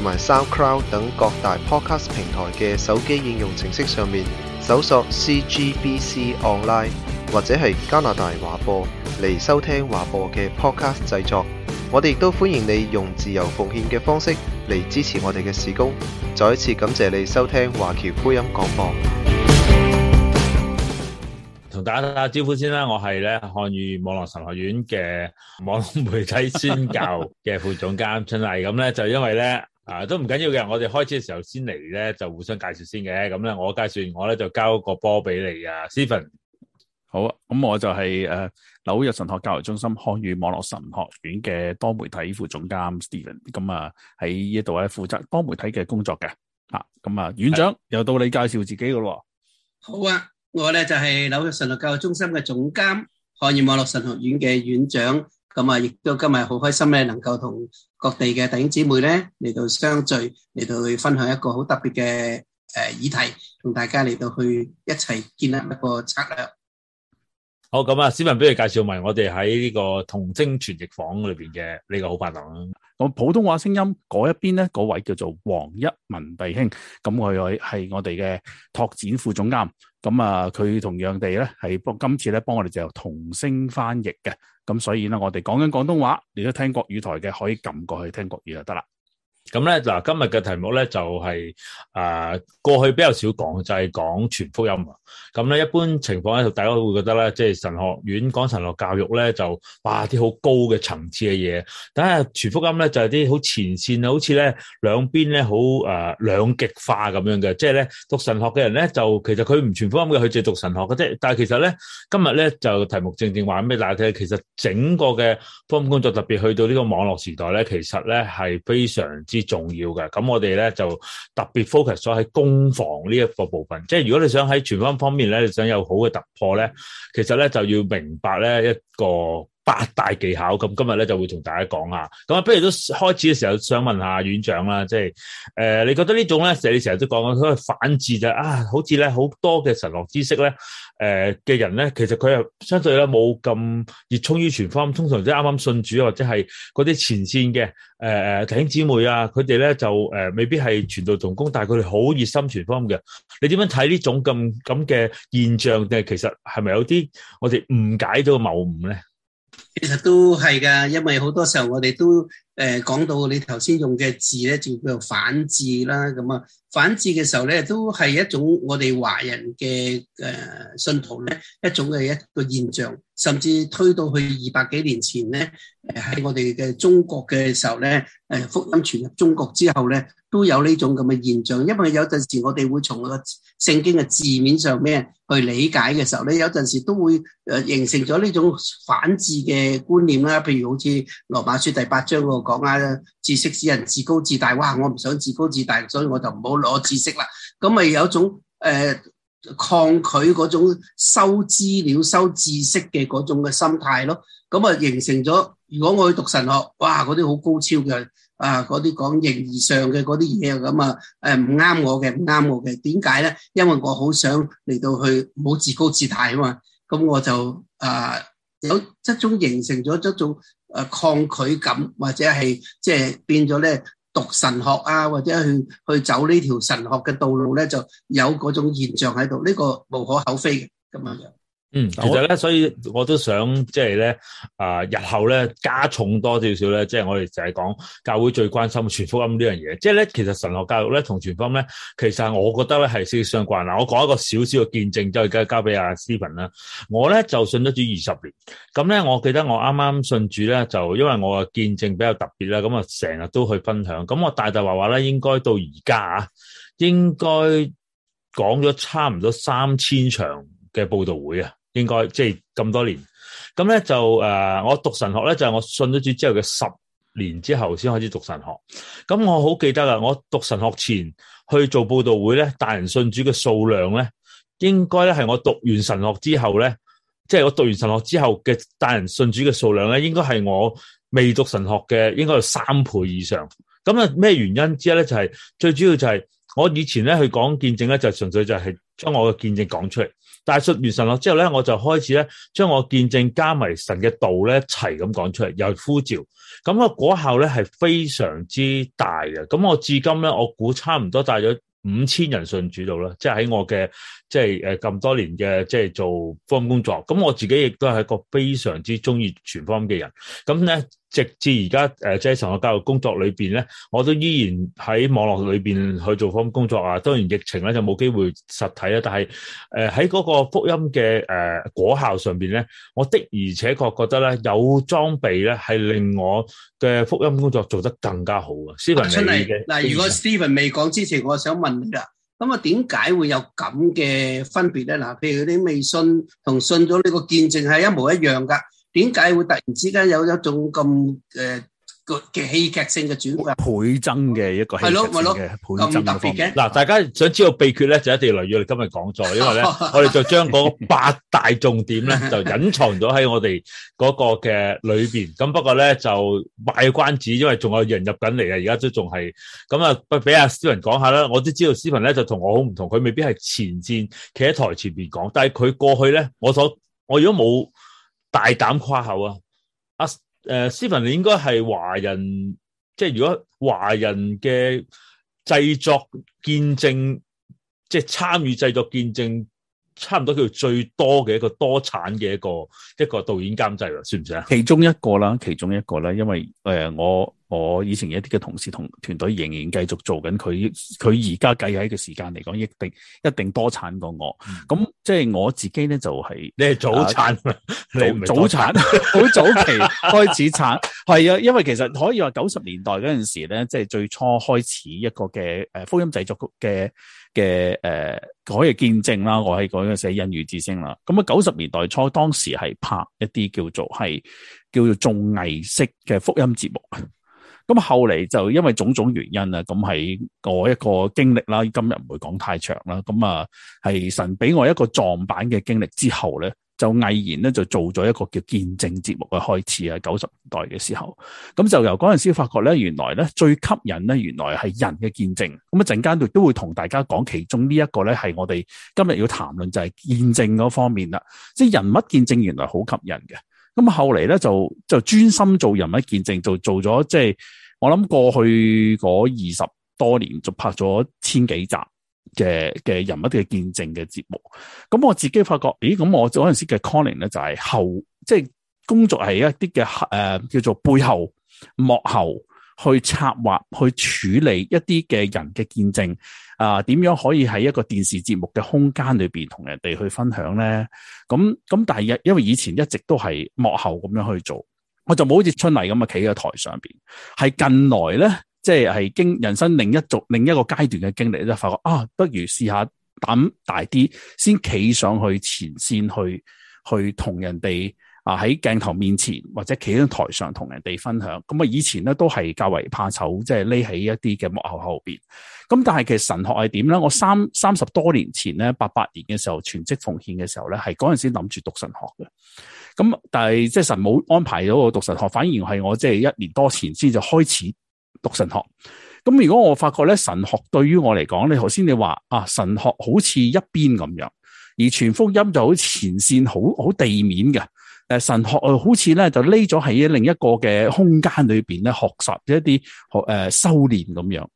同埋 SoundCloud 等各大 Podcast 平台嘅手機應用程式上面搜索 CGBC Online 或者係加拿大華播嚟收聽華播嘅 Podcast 製作，我哋亦都歡迎你用自由奉獻嘅方式嚟支持我哋嘅事工。再一次感謝你收聽華僑福音廣播。同大家打招呼先啦，我係咧漢語網絡神學院嘅網絡媒體宣教嘅副總監春麗。咁 咧，就因為咧。啊，都唔緊要嘅。我哋開始嘅時候先嚟，咧，就互相介紹先嘅。咁咧，我介紹完我咧就交個波俾你啊，Stephen。好啊，咁我就係、是、誒、呃、紐約神學教育中心漢語網絡神學院嘅多媒體副總監 Stephen。咁啊喺呢度咧負責多媒體嘅工作嘅。啊，咁啊院長又到你介紹自己噶咯。好啊，我咧就係、是、紐約神學教育中心嘅總監，漢語網絡神學院嘅院長。咁啊，亦都今日好開心咧，能夠同各地嘅弟兄姊妹咧嚟到相聚，嚟到去分享一個好特別嘅誒議題，同大家嚟到去一齊建立一個策略。好，咁啊，市民俾你介紹埋我哋喺呢個同聲傳譯房裏邊嘅呢個好搭檔。我普通話聲音嗰一邊呢，嗰位叫做黃一文弟兄，咁佢係我哋嘅拓展副總監，咁啊，佢同樣地咧係幫今次咧幫我哋就同聲翻譯嘅，咁所以咧我哋講緊廣東話，你都聽國語台嘅，可以撳過去聽國語就得啦。咁咧嗱，今日嘅題目咧就係、是、誒、呃、過去比較少講，就係講傳福音啊。咁咧一般情況咧，就大家會覺得咧，即係神學院講神學教育咧，就哇啲好高嘅層次嘅嘢，但係傳福音咧就係啲好前線啊，好似咧兩邊咧好誒兩極化咁樣嘅。即係咧讀神學嘅人咧就其實佢唔傳福音嘅，佢就係讀神學嘅啫。但係其實咧今日咧就題目正正話俾大家聽，但係其實整個嘅福音工作，特別去到呢個網絡時代咧，其實咧係非常之。重要嘅，咁我哋咧就特別 focus 咗喺攻防呢一個部分。即係如果你想喺全方面呢，咧，你想有好嘅突破咧，其實咧就要明白咧一個。八大技巧咁，今日咧就會同大家講下。咁啊，不如都開始嘅時候，想問下院長啦，即係誒，你覺得種呢種咧，成日你成日都講佢反智，就係，就啊，好似咧好多嘅神學知識咧，誒、呃、嘅人咧，其實佢啊，相對咧冇咁熱衷於傳方，通常即係啱啱信主或者係嗰啲前線嘅誒誒弟兄姊妹啊，佢哋咧就、呃、未必係傳道同工，但係佢哋好熱心傳方嘅。你點樣睇呢種咁咁嘅現象？誒，其實係咪有啲我哋誤解咗個謬誤咧？其實都係噶，因為好多時候我哋都誒講到你頭先用嘅字咧，就叫做反字啦。咁啊，反字嘅時候咧，都係一種我哋華人嘅誒信徒咧，一種嘅一個現象。甚至推到去二百幾年前咧，喺我哋嘅中國嘅時候咧，誒福音傳入中國之後咧，都有呢種咁嘅現象。因為有陣時我哋會從個聖經嘅字面上咩去理解嘅時候咧，有陣時都會誒形成咗呢種反智嘅觀念啦。譬如好似羅馬書第八章嗰度講啊，知識使人自高自大，哇！我唔想自高自大，所以我就唔好攞知識啦。咁咪有一種、呃抗拒嗰種收資料、收知識嘅嗰種嘅心態咯，咁啊形成咗。如果我去讀神學，哇，嗰啲好高超嘅啊，嗰啲講形而上嘅嗰啲嘢啊，咁啊誒唔啱我嘅，唔啱我嘅。點解咧？因為我好想嚟到去冇自高自大啊嘛，咁我就啊有即中形成咗一種誒抗拒感，或者係即係變咗咧。讀神學啊，或者去去走呢條神學嘅道路咧，就有嗰種現象喺度，呢、這個無可厚非嘅咁樣樣。嗯，其實咧，所以我都想即係咧，啊、呃，日後咧加重多少少咧，即係我哋就係講教會最關心傳福音呢樣嘢。即係咧，其實神學教育咧同傳福音咧，其實我覺得咧係息息相關。嗱，我講一個少少嘅見證，就而家交俾阿 Steven 啦。我咧就信咗主二十年，咁咧我記得我啱啱信主咧，就因為我嘅見證比較特別啦，咁啊成日都去分享。咁我大大話話咧，應該到而家啊，應該講咗差唔多三千場嘅佈道會啊。應該即係咁多年，咁咧就誒、呃，我讀神學咧就係、是、我信咗主之後嘅十年之後先開始讀神學。咁我好記得啦，我讀神學前去做佈道會咧，帶人信主嘅數量咧，應該咧係我讀完神學之後咧，即、就、係、是、我讀完神學之後嘅帶人信主嘅數量咧，應該係我未讀神學嘅應該有三倍以上。咁啊，咩原因之一咧就係、是、最主要就係、是、我以前咧去講見證咧，就純粹就係將我嘅見證講出嚟。大述完神落之後咧，我就開始咧將我見證加埋神嘅道咧齊齊咁講出嚟，又係呼召，咁、那個果效咧係非常之大嘅。咁我至今咧，我估差唔多帶咗五千人信主到啦，即係喺我嘅。即係誒，咁多年嘅即係做福音工作，咁我自己亦都係一個非常之中意傳福音嘅人。咁咧，直至而家誒，即係神學教育工作裏邊咧，我都依然喺網絡裏邊去做福音工作啊。當然疫情咧就冇機會實體啦，但係誒喺嗰個福音嘅、誒、呃、果效上邊咧，我的而且確覺得咧有裝備咧係令我嘅福音工作做得更加好啊。Stephen 出嚟嗱，如果 Stephen 未講之前，我想問你咁啊，點解會有咁嘅分別咧？嗱，譬如你未信同信咗呢個見證係一模一樣噶點解會突然之間有一種咁嘅？呃嘅戲劇性嘅轉變，倍增嘅一個戲劇性嘅倍增嘅方。嗱，大家想知道秘訣咧，就一定要留意我哋今日講座，因為咧，我哋就將嗰八大重點咧，就隱藏咗喺我哋嗰個嘅裏邊。咁不過咧，就賣個關子，因為仲有人入緊嚟啊！而家都仲係咁啊，喂俾阿斯文講下啦。我都知道斯文咧，就同我好唔同，佢未必係前線企喺台前邊講，但係佢過去咧，我所我如果冇大膽誇口啊。誒，Steven，你應該係華人，即係如果華人嘅製作見證，即係參與製作見證，差唔多叫做最多嘅一個多產嘅一個一個導演監製啦，算唔算啊？其中一個啦，其中一個啦，因為，呃，我。我以前有一啲嘅同事同團隊仍然繼續做緊，佢佢而家計喺嘅時間嚟講，一定一定多產過我。咁即係我自己咧，就係、是、你係早產，早、啊、早產，好 早期開始產，係 啊，因為其實可以話九十年代嗰陣時咧，即、就、係、是、最初開始一個嘅，誒，福音製作嘅嘅，誒，可以見證啦。我喺嗰陣時係《恩雨之聲》啦。咁啊，九十年代初，當時係拍一啲叫做係叫做綜藝式嘅福音節目。咁後嚟就因為種種原因啊，咁係我一個經歷啦。今日唔會講太長啦。咁啊，係神俾我一個撞板嘅經歷之後咧，就毅然咧就做咗一個叫見證節目嘅開始啊。九十年代嘅時候，咁就由嗰陣時發覺咧，原來咧最吸引咧，原來係人嘅見證。咁一陣間亦都會同大家講其中呢一個咧，係我哋今日要談論就係見證嗰方面啦。即係人物見證，原來好吸引嘅。咁後嚟咧就就專心做人物見證，就做咗，即係我諗過去嗰二十多年，就拍咗千幾集嘅嘅人物嘅見證嘅節目。咁我自己發覺，咦？咁我嗰陣時嘅 calling 咧，就係後，即係工作係一啲嘅誒，叫做背後幕後。去策劃、去處理一啲嘅人嘅見證啊，點樣可以喺一個電視節目嘅空間裏面同人哋去分享咧？咁咁，但係因因為以前一直都係幕後咁樣去做，我就冇好似出嚟咁啊，企喺台上邊。係近來咧，即係係經人生另一組、另一個階段嘅經歷咧，發覺啊，不如試下膽大啲，先企上去前線去，去去同人哋。啊！喺鏡頭面前或者企喺台上同人哋分享，咁啊以前咧都係較為怕醜，即係匿喺一啲嘅幕後後邊。咁但係其實神學係點咧？我三三十多年前咧八八年嘅時候全職奉獻嘅時候咧，係嗰陣時諗住讀神學嘅。咁但係即係神冇安排咗我讀神學，反而係我即係一年多前先就開始讀神學。咁如果我發覺咧神學對於我嚟講，你頭先你話啊神學好似一邊咁樣，而全福音就好前線好好地面嘅。誒，神學好似咧就匿咗喺另一個嘅空間裏邊咧，學習一啲學，誒修煉咁樣，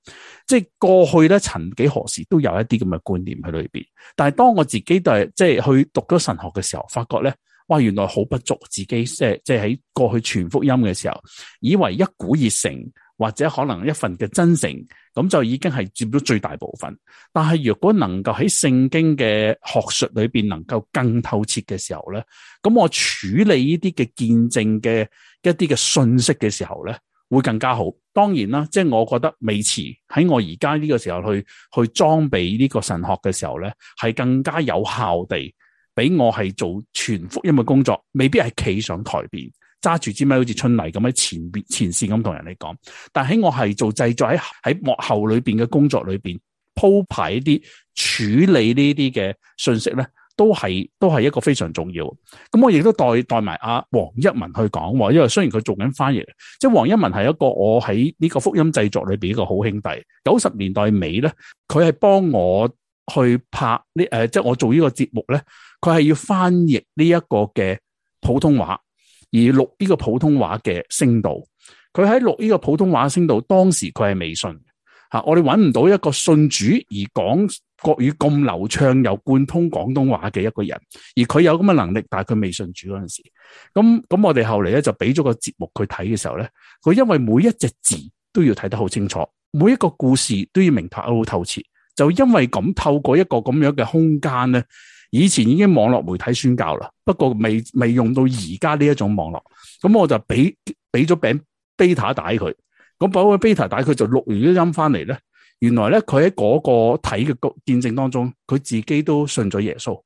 即係過去咧，曾幾何時都有一啲咁嘅觀念喺裏邊。但係當我自己都係即係去讀咗神學嘅時候，發覺咧，哇，原來好不足自己，即係即係喺過去傳福音嘅時候，以為一股熱誠或者可能一份嘅真誠，咁就已經係佔到最大部分。但係如果能夠喺聖經嘅學術裏邊能夠更透徹嘅時候咧，咁我處理呢啲嘅見證嘅一啲嘅信息嘅時候咧，會更加好。當然啦，即係我覺得未遲喺我而家呢個時候去去裝備呢個神學嘅時候咧，係更加有效地俾我係做全福音嘅工作，未必係企上台邊。揸住支咪好似春泥咁喺前邊前線咁同人哋講。但喺我係做製作喺喺幕後裏邊嘅工作裏邊，鋪排啲處理呢啲嘅信息咧，都係都係一個非常重要。咁我亦都代代埋阿黃一文去講，因為雖然佢做緊翻譯，即係黃一文係一個我喺呢個福音製作裏邊一個好兄弟。九十年代尾咧，佢係幫我去拍呢誒，即係我做呢個節目咧，佢係要翻譯呢一個嘅普通話。而錄呢個普通話嘅聲道，佢喺錄呢個普通話聲道，當時佢係未信吓，我哋揾唔到一個信主而講國語咁流暢又貫通廣東話嘅一個人，而佢有咁嘅能力，但係佢未信主嗰陣時，咁咁我哋後嚟咧就俾咗個節目佢睇嘅時候咧，佢因為每一隻字都要睇得好清楚，每一個故事都要明白好透徹，就因為咁透過一個咁樣嘅空間咧。以前已經網絡媒體宣教啦，不過未未用到而家呢一種網絡，咁我就俾俾咗餅 beta 帶佢，咁俾個 beta 帶佢就錄完啲音翻嚟咧。原來咧佢喺嗰個睇嘅見證當中，佢自己都信咗耶穌。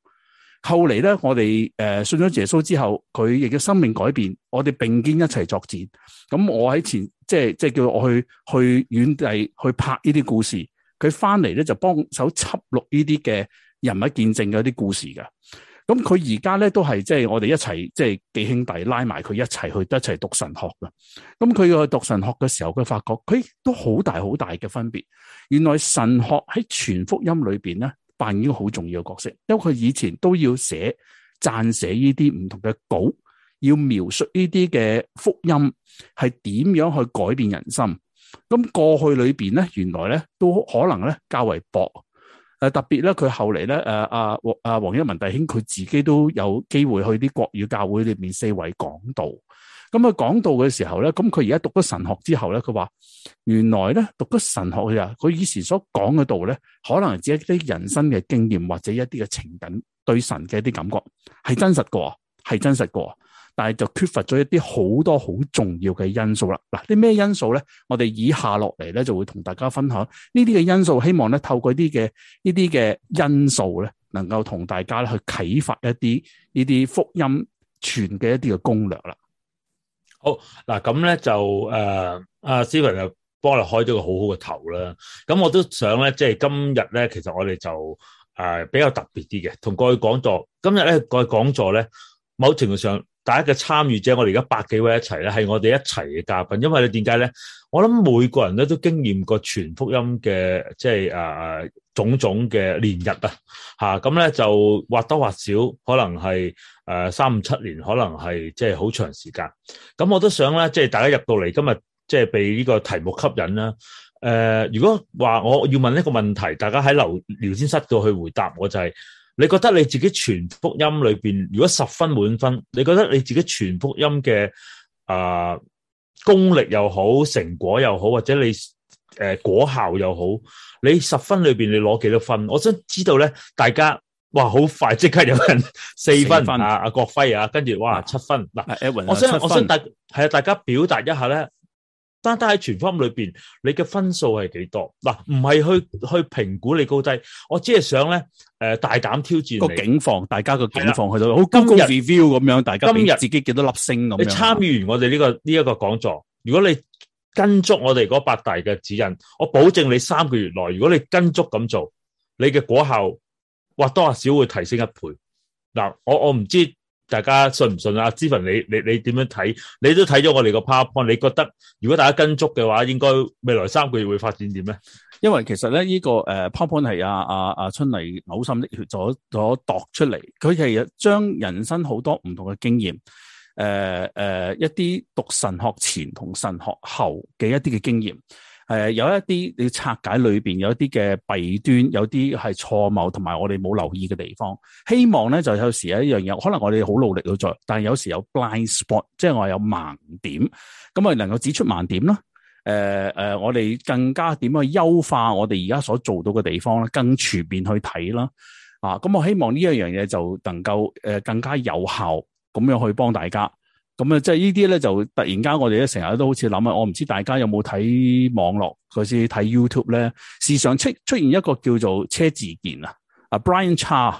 後嚟咧，我哋誒信咗耶穌之後，佢亦都生命改變。我哋並肩一齊作戰。咁我喺前即係即係叫我去去遠地去拍呢啲故事，佢翻嚟咧就幫手輯錄呢啲嘅。人物見證嘅一啲故事嘅，咁佢而家咧都係即係我哋一齊即係幾兄弟拉埋佢一齊去一齊讀神學嘅，咁佢去讀神學嘅時候，佢發覺佢都好大好大嘅分別。原來神學喺全福音裏邊咧，扮演一個好重要嘅角色，因為佢以前都要寫撰寫呢啲唔同嘅稿，要描述呢啲嘅福音係點樣去改變人心。咁過去裏邊咧，原來咧都可能咧較為薄。誒，特別咧，佢後嚟咧，誒、啊，阿阿黃一文弟兄佢自己都有機會去啲國語教會裏面四位講道，咁佢講道嘅時候咧，咁佢而家讀咗神學之後咧，佢話原來咧讀咗神學啊，佢以前所講嘅道咧，可能只係一啲人生嘅經驗或者一啲嘅情感對神嘅一啲感覺係真實過，係真實過。但係就缺乏咗一啲好多好重要嘅因素啦。嗱，啲咩因素咧？我哋以下落嚟咧，就會同大家分享呢啲嘅因素。希望咧透過啲嘅呢啲嘅因素咧，能夠同大家咧去啟發一啲呢啲福音傳嘅一啲嘅攻略啦。好嗱，咁咧就誒阿 Steven 又幫你開咗個好好嘅頭啦。咁我都想咧，即係今日咧，其實我哋就誒、呃、比較特別啲嘅，同過去講座今日咧過去講座咧，某程度上，大家嘅參與者，我哋而家百幾位一齊咧，係我哋一齊嘅嘉賓。因為你點解咧？我諗每個人咧都經驗過全福音嘅，即係誒誒，種種嘅年日啊，吓咁咧，就或多或少，可能係誒三五七年，可能係即係好長時間。咁我都想咧，即係大家入到嚟今日，即係被呢個題目吸引啦。誒，如果話我要問一個問題，大家喺聊天室度去回答我，我就係。你覺得你自己傳福音裏邊，如果十分滿分，你覺得你自己傳福音嘅啊、呃、功力又好，成果又好，或者你誒、呃、果效又好，你十分裏邊你攞幾多分？我想知道咧，大家哇好快即刻有人四分,四分啊，阿國輝啊，跟住哇七分嗱、啊，我想我想,我想大係啊，大家表達一下咧。單單喺全方裏邊，你嘅分數係幾多？嗱，唔係去去評估你高低，我只係想咧，誒、呃、大膽挑戰，那個警況，大家個警況去到好高高 review 咁樣，大家今日自己幾多粒星咁。你參與完我哋呢個呢一個講座，如果你跟足我哋嗰八大嘅指引，我保證你三個月內，如果你跟足咁做，你嘅果效或多或少會提升一倍。嗱，我我唔知。大家信唔信啊？之凡你你你點樣睇？你都睇咗我哋個 powerpoint，你覺得如果大家跟足嘅話，應該未來三個月會發展點咧？因為其實咧呢個誒 powerpoint 係阿啊阿春麗嘔心瀝血咗咗度出嚟，佢係將人生好多唔同嘅經驗，誒、呃、誒、呃、一啲讀神學前同神學後嘅一啲嘅經驗。誒、呃，有一啲要拆解裏邊有一啲嘅弊端，有啲係錯謬，同埋我哋冇留意嘅地方。希望咧，就有時有一樣嘢，可能我哋好努力都做，但係有時有 blind spot，即係我有盲點，咁啊能夠指出盲點啦。誒、呃、誒、呃，我哋更加點樣去優化我哋而家所做到嘅地方咧，更全面去睇啦。啊，咁我希望呢樣樣嘢就能夠誒、呃、更加有效咁樣去幫大家。咁啊，即係呢啲咧就突然間我哋咧成日都好似諗啊，我唔知大家有冇睇網絡佢先睇 YouTube 咧，時常出出現一個叫做車志健啊，Brian Cha，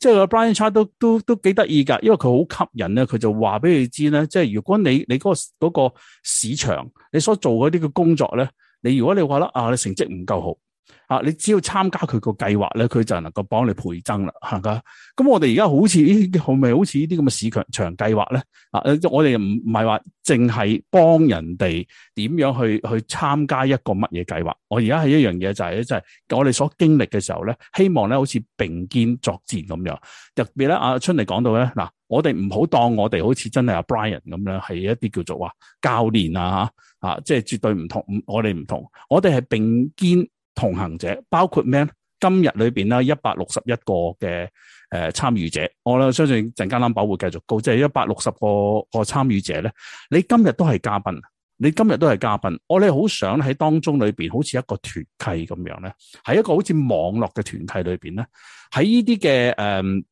即係阿 Brian Cha 都都都幾得意噶，因為佢好吸引咧，佢就話俾你知咧，即係如果你你嗰個嗰個市場，你所做嗰啲嘅工作咧，你如果你話啦啊，你成績唔夠好。啊！你只要參加佢個計劃咧，佢就能夠幫你倍增啦，係咪？咁我哋而家好似呢啲，係咪好似呢啲咁嘅市場計劃咧？啊！我哋唔唔係話淨係幫人哋點樣去去參加一個乜嘢計劃？我而家係一樣嘢就係咧，即係我哋所經歷嘅時候咧，希望咧好似並肩作戰咁樣，特別咧阿春嚟講到咧嗱，我哋唔好當我哋好似真係阿 Brian 咁樣，係一啲叫做話教練啊，吓啊，即係絕對唔同，我哋唔同，我哋係並肩。同行者包括咩？今日裏邊啦，一百六十一個嘅誒參與者，我咧相信陣間 number 會繼續高，即係一百六十個個參與者咧，你今日都係嘉賓，你今日都係嘉賓，我哋好想喺當中裏邊，好似一個團契咁樣咧，喺一個好似網絡嘅團契裏邊咧，喺呢啲嘅誒，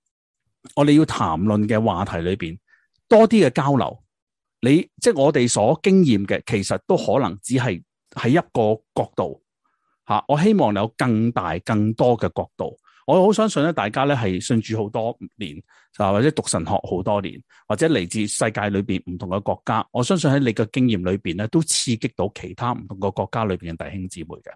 我哋要談論嘅話題裏邊多啲嘅交流，你即係、就是、我哋所經驗嘅，其實都可能只係喺一個角度。吓！我希望有更大、更多嘅角度。我好相信咧，大家咧係信主好多年，就或者讀神學好多年，或者嚟自世界裏邊唔同嘅國家。我相信喺你嘅經驗裏邊咧，都刺激到其他唔同嘅國家裏邊嘅弟兄姊妹嘅。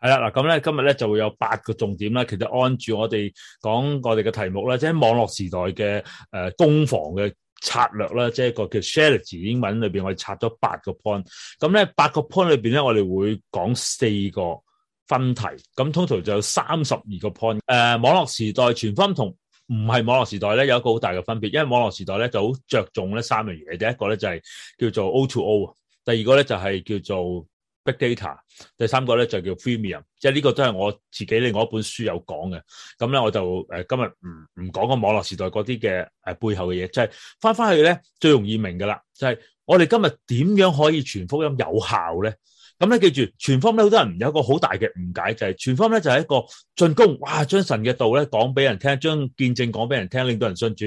係啦，嗱咁咧，今日咧就會有八個重點啦。其實按住我哋講我哋嘅題目咧，即係網絡時代嘅誒攻防嘅。策略啦，即係一個叫 challenge。英文裏面我哋拆咗八個 point。咁咧八個 point 裏面咧，我哋會講四個分題。咁通常就有三十二個 point。誒、啊，網絡時代全方位同唔係網絡時代咧，有一個好大嘅分別。因為網絡時代咧就好着重咧三樣嘢。第一個咧就係叫做 O to O。第二個咧就係叫做 data，第三個咧就叫 freemium 即係呢個都係我自己另外一本書有講嘅。咁咧我就誒今日唔唔講個網絡時代嗰啲嘅誒背後嘅嘢，就係翻返去咧最容易明嘅啦，就係、是、我哋今日點樣可以傳福音有效咧？咁咧記住，傳福音咧好多人有一個好大嘅誤解，就係、是、傳福音咧就係一個進攻，哇！將神嘅道咧講俾人聽，將見證講俾人聽，令到人信主。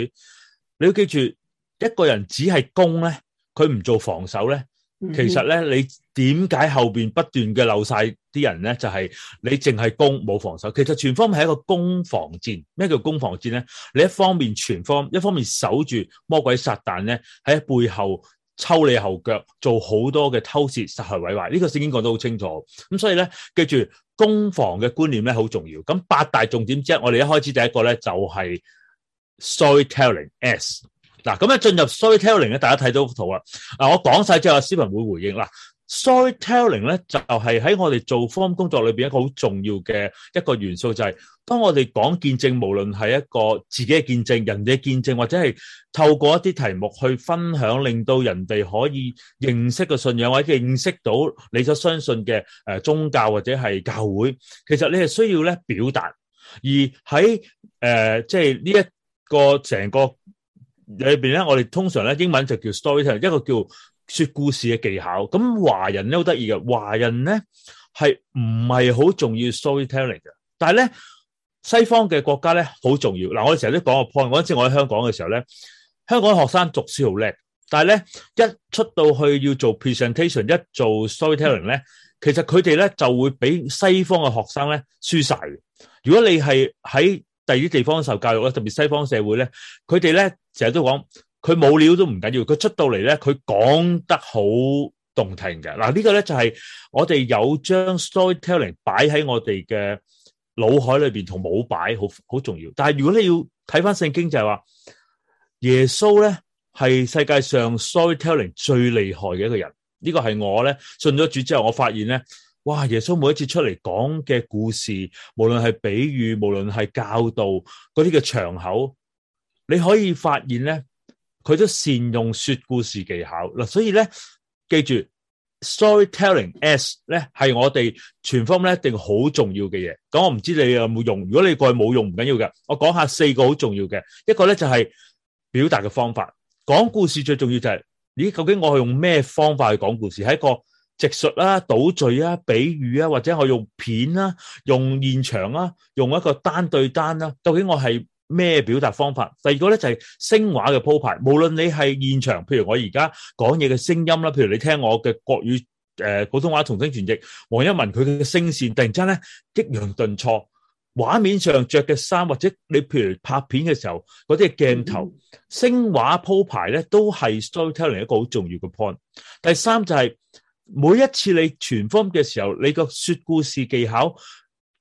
你要記住，一個人只係攻咧，佢唔做防守咧。其實咧，你點解後邊不斷嘅漏晒啲人咧？就係、是、你淨係攻冇防守。其實全方係一個攻防戰。咩叫攻防戰咧？你一方面全方，一方面守住魔鬼撒旦咧喺背後抽你後腳，做好多嘅偷竊、殺害、毀壞。呢個聖經講得好清楚。咁所以咧，記住攻防嘅觀念咧好重要。咁八大重點之一，我哋一開始第一個咧就係、是、Storytelling s。嗱，咁咧進入 storytelling 咧，大家睇到幅圖啦。嗱，我講曬之後，阿詩文會回應。嗱，storytelling 咧就係喺我哋做方工作裏邊一個好重要嘅一個元素，就係當我哋講見證，無論係一個自己嘅見證、人哋嘅見證，或者係透過一啲題目去分享，令到人哋可以認識個信仰或者認識到你所相信嘅誒宗教或者係教會。其實你係需要咧表達，而喺誒即係呢一個成個。裏邊咧，我哋通常咧，英文就叫 storytelling，一個叫說故事嘅技巧。咁華人咧好得意嘅，華人咧係唔係好重要 storytelling 嘅？但係咧，西方嘅國家咧好重要。嗱，我哋成日都講個 point。嗰陣時我喺香港嘅時候咧，香港學生讀書好叻，但係咧一出到去要做 presentation，一做 storytelling 咧，其實佢哋咧就會俾西方嘅學生咧輸晒嘅。如果你係喺。第二地方受教育咧，特別西方社會咧，佢哋咧成日都講，佢冇料都唔緊要，佢出到嚟咧，佢講得好動聽嘅。嗱，呢個咧就係我哋有將 storytelling 擺喺我哋嘅腦海裏邊，同冇擺好好重要。但係如果你要睇翻聖經，就係話耶穌咧係世界上 storytelling 最厲害嘅一個人。呢個係我咧信咗主之後，我發現咧。，哇！耶穌每一次出嚟講嘅故事，無論係比喻，無論係教導，嗰啲嘅場口，你可以發現呢，佢都善用說故事技巧。嗱，所以呢，記住 storytelling s 直述啦、倒敘啊、比喻啊，或者我用片啦、用現場啊、用一個單對單啦，究竟我係咩表達方法？第二個咧就係聲畫嘅鋪排，無論你係現場，譬如我而家講嘢嘅聲音啦，譬如你聽我嘅國語誒普通話同聲傳譯黃一文佢嘅聲線，突然間咧激揚頓挫，畫面上著嘅衫，或者你譬如拍片嘅時候嗰啲鏡頭，聲畫鋪排咧都係 storytelling 一個好重要嘅 point。第三就係。每一次你傳福音嘅時候，你個說故事技巧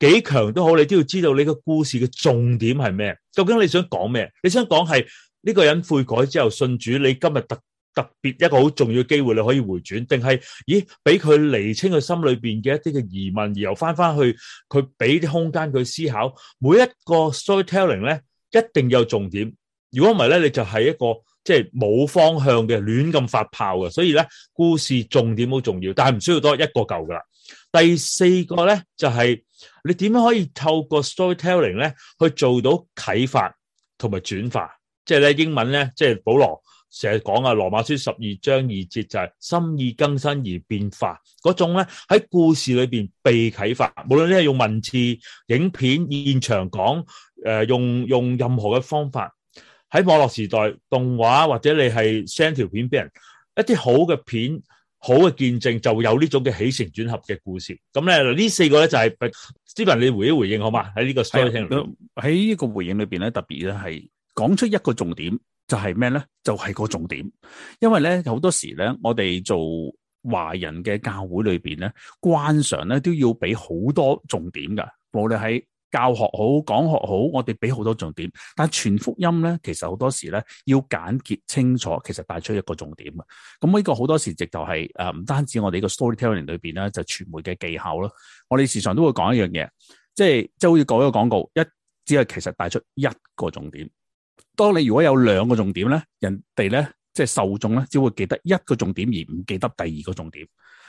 幾強都好，你都要知道你個故事嘅重點係咩？究竟你想講咩？你想講係呢個人悔改之後信主，你今日特特別一個好重要嘅機會你可以回轉，定係？咦，俾佢厘清佢心裏邊嘅一啲嘅疑問，然後翻翻去佢俾啲空間佢思考。每一個 storytelling 咧，一定有重點。如果唔係咧，你就係一個。即係冇方向嘅，亂咁發炮嘅，所以咧，故事重點好重要，但係唔需要多一個夠噶啦。第四個咧就係、是、你點樣可以透過 storytelling 咧去做到啟發同埋轉化，即係咧英文咧，即係保羅成日講啊，《羅馬書》十二章二節就係心意更新而變化嗰種咧喺故事裏邊被啟發，無論你係用文字、影片、現場講誒、呃，用用任何嘅方法。喺網絡時代，動畫或者你係 send 條片俾人，一啲好嘅片，好嘅見證，就有呢種嘅起承轉合嘅故事。咁咧，呢四個咧就係 Stephen 你回一回應好嘛？喺呢個喺呢個回應裏邊咧，特別咧係講出一個重點，就係咩咧？就係、是、個重點，因為咧好多時咧，我哋做華人嘅教會裏邊咧，慣常咧都要俾好多重點噶，無論喺。教學好講學好，我哋俾好多重點，但係傳福音咧，其實好多時咧要簡潔清楚，其實帶出一個重點嘅。咁呢個好多時直頭係誒，唔單止我哋個 storytelling 裏邊咧，就傳媒嘅技巧咯。我哋時常都會講一樣嘢，即係即係好似講個廣告，一隻係其實帶出一個重點。當你如果有兩個重點咧，人哋咧即係受眾咧，只會記得一個重點而唔記得第二個重點。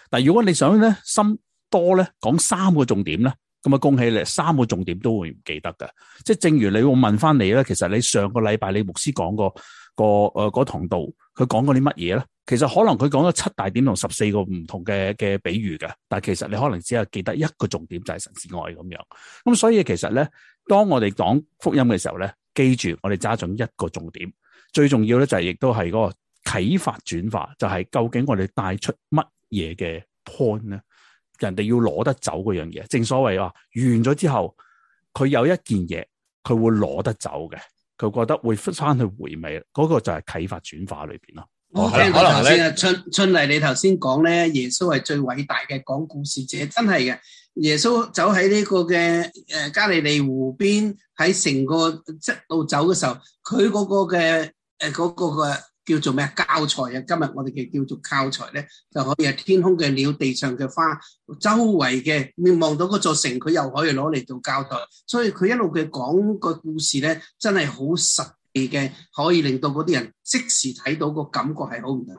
但係如果你想咧心多咧，講三個重點咧。咁啊！恭喜你，三個重點都會唔記得㗎。即係正如你會問翻你咧，其實你上個禮拜你牧師講過個誒嗰堂道，佢講過啲乜嘢咧？其實可能佢講咗七大點同十四個唔同嘅嘅比喻嘅，但其實你可能只係記得一個重點，就係神是愛」咁樣。咁所以其實咧，當我哋講福音嘅時候咧，記住我哋揸準一個重點，最重要咧就係亦都係嗰個啟發轉化，就係、是、究竟我哋帶出乜嘢嘅 point 咧？人哋要攞得走嗰樣嘢，正所謂話，完咗之後，佢有一件嘢，佢會攞得走嘅，佢覺得會翻去回味。嗰個就係啟發轉化裏邊咯。我聽你頭先啊，春春麗，你頭先講咧，耶穌係最偉大嘅講故事者，真係嘅。耶穌走喺呢個嘅誒加利利湖邊，喺成個即係路走嘅時候，佢嗰個嘅誒、嗰個嘅。叫做咩啊？教材啊！今日我哋嘅叫做教材咧，就可以天空嘅鳥、地上嘅花、周圍嘅面望到嗰座城，佢又可以攞嚟做教材。所以佢一路嘅講個故事咧，真係好實際嘅，可以令到嗰啲人即時睇到個感覺係好唔同。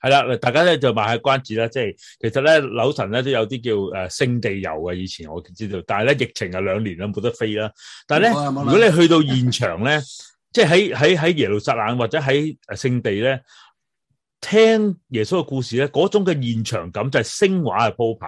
係啦，大家咧就賣下關子啦。即係其實咧，柳神咧都有啲叫誒聖地遊啊。以前我知道，但係咧疫情啊兩年啦冇得飛啦。但係咧，如果你去到現場咧。 即係喺喺喺耶路撒冷或者喺聖地咧，聽耶穌嘅故事咧，嗰種嘅現場感就係聲畫嘅鋪排。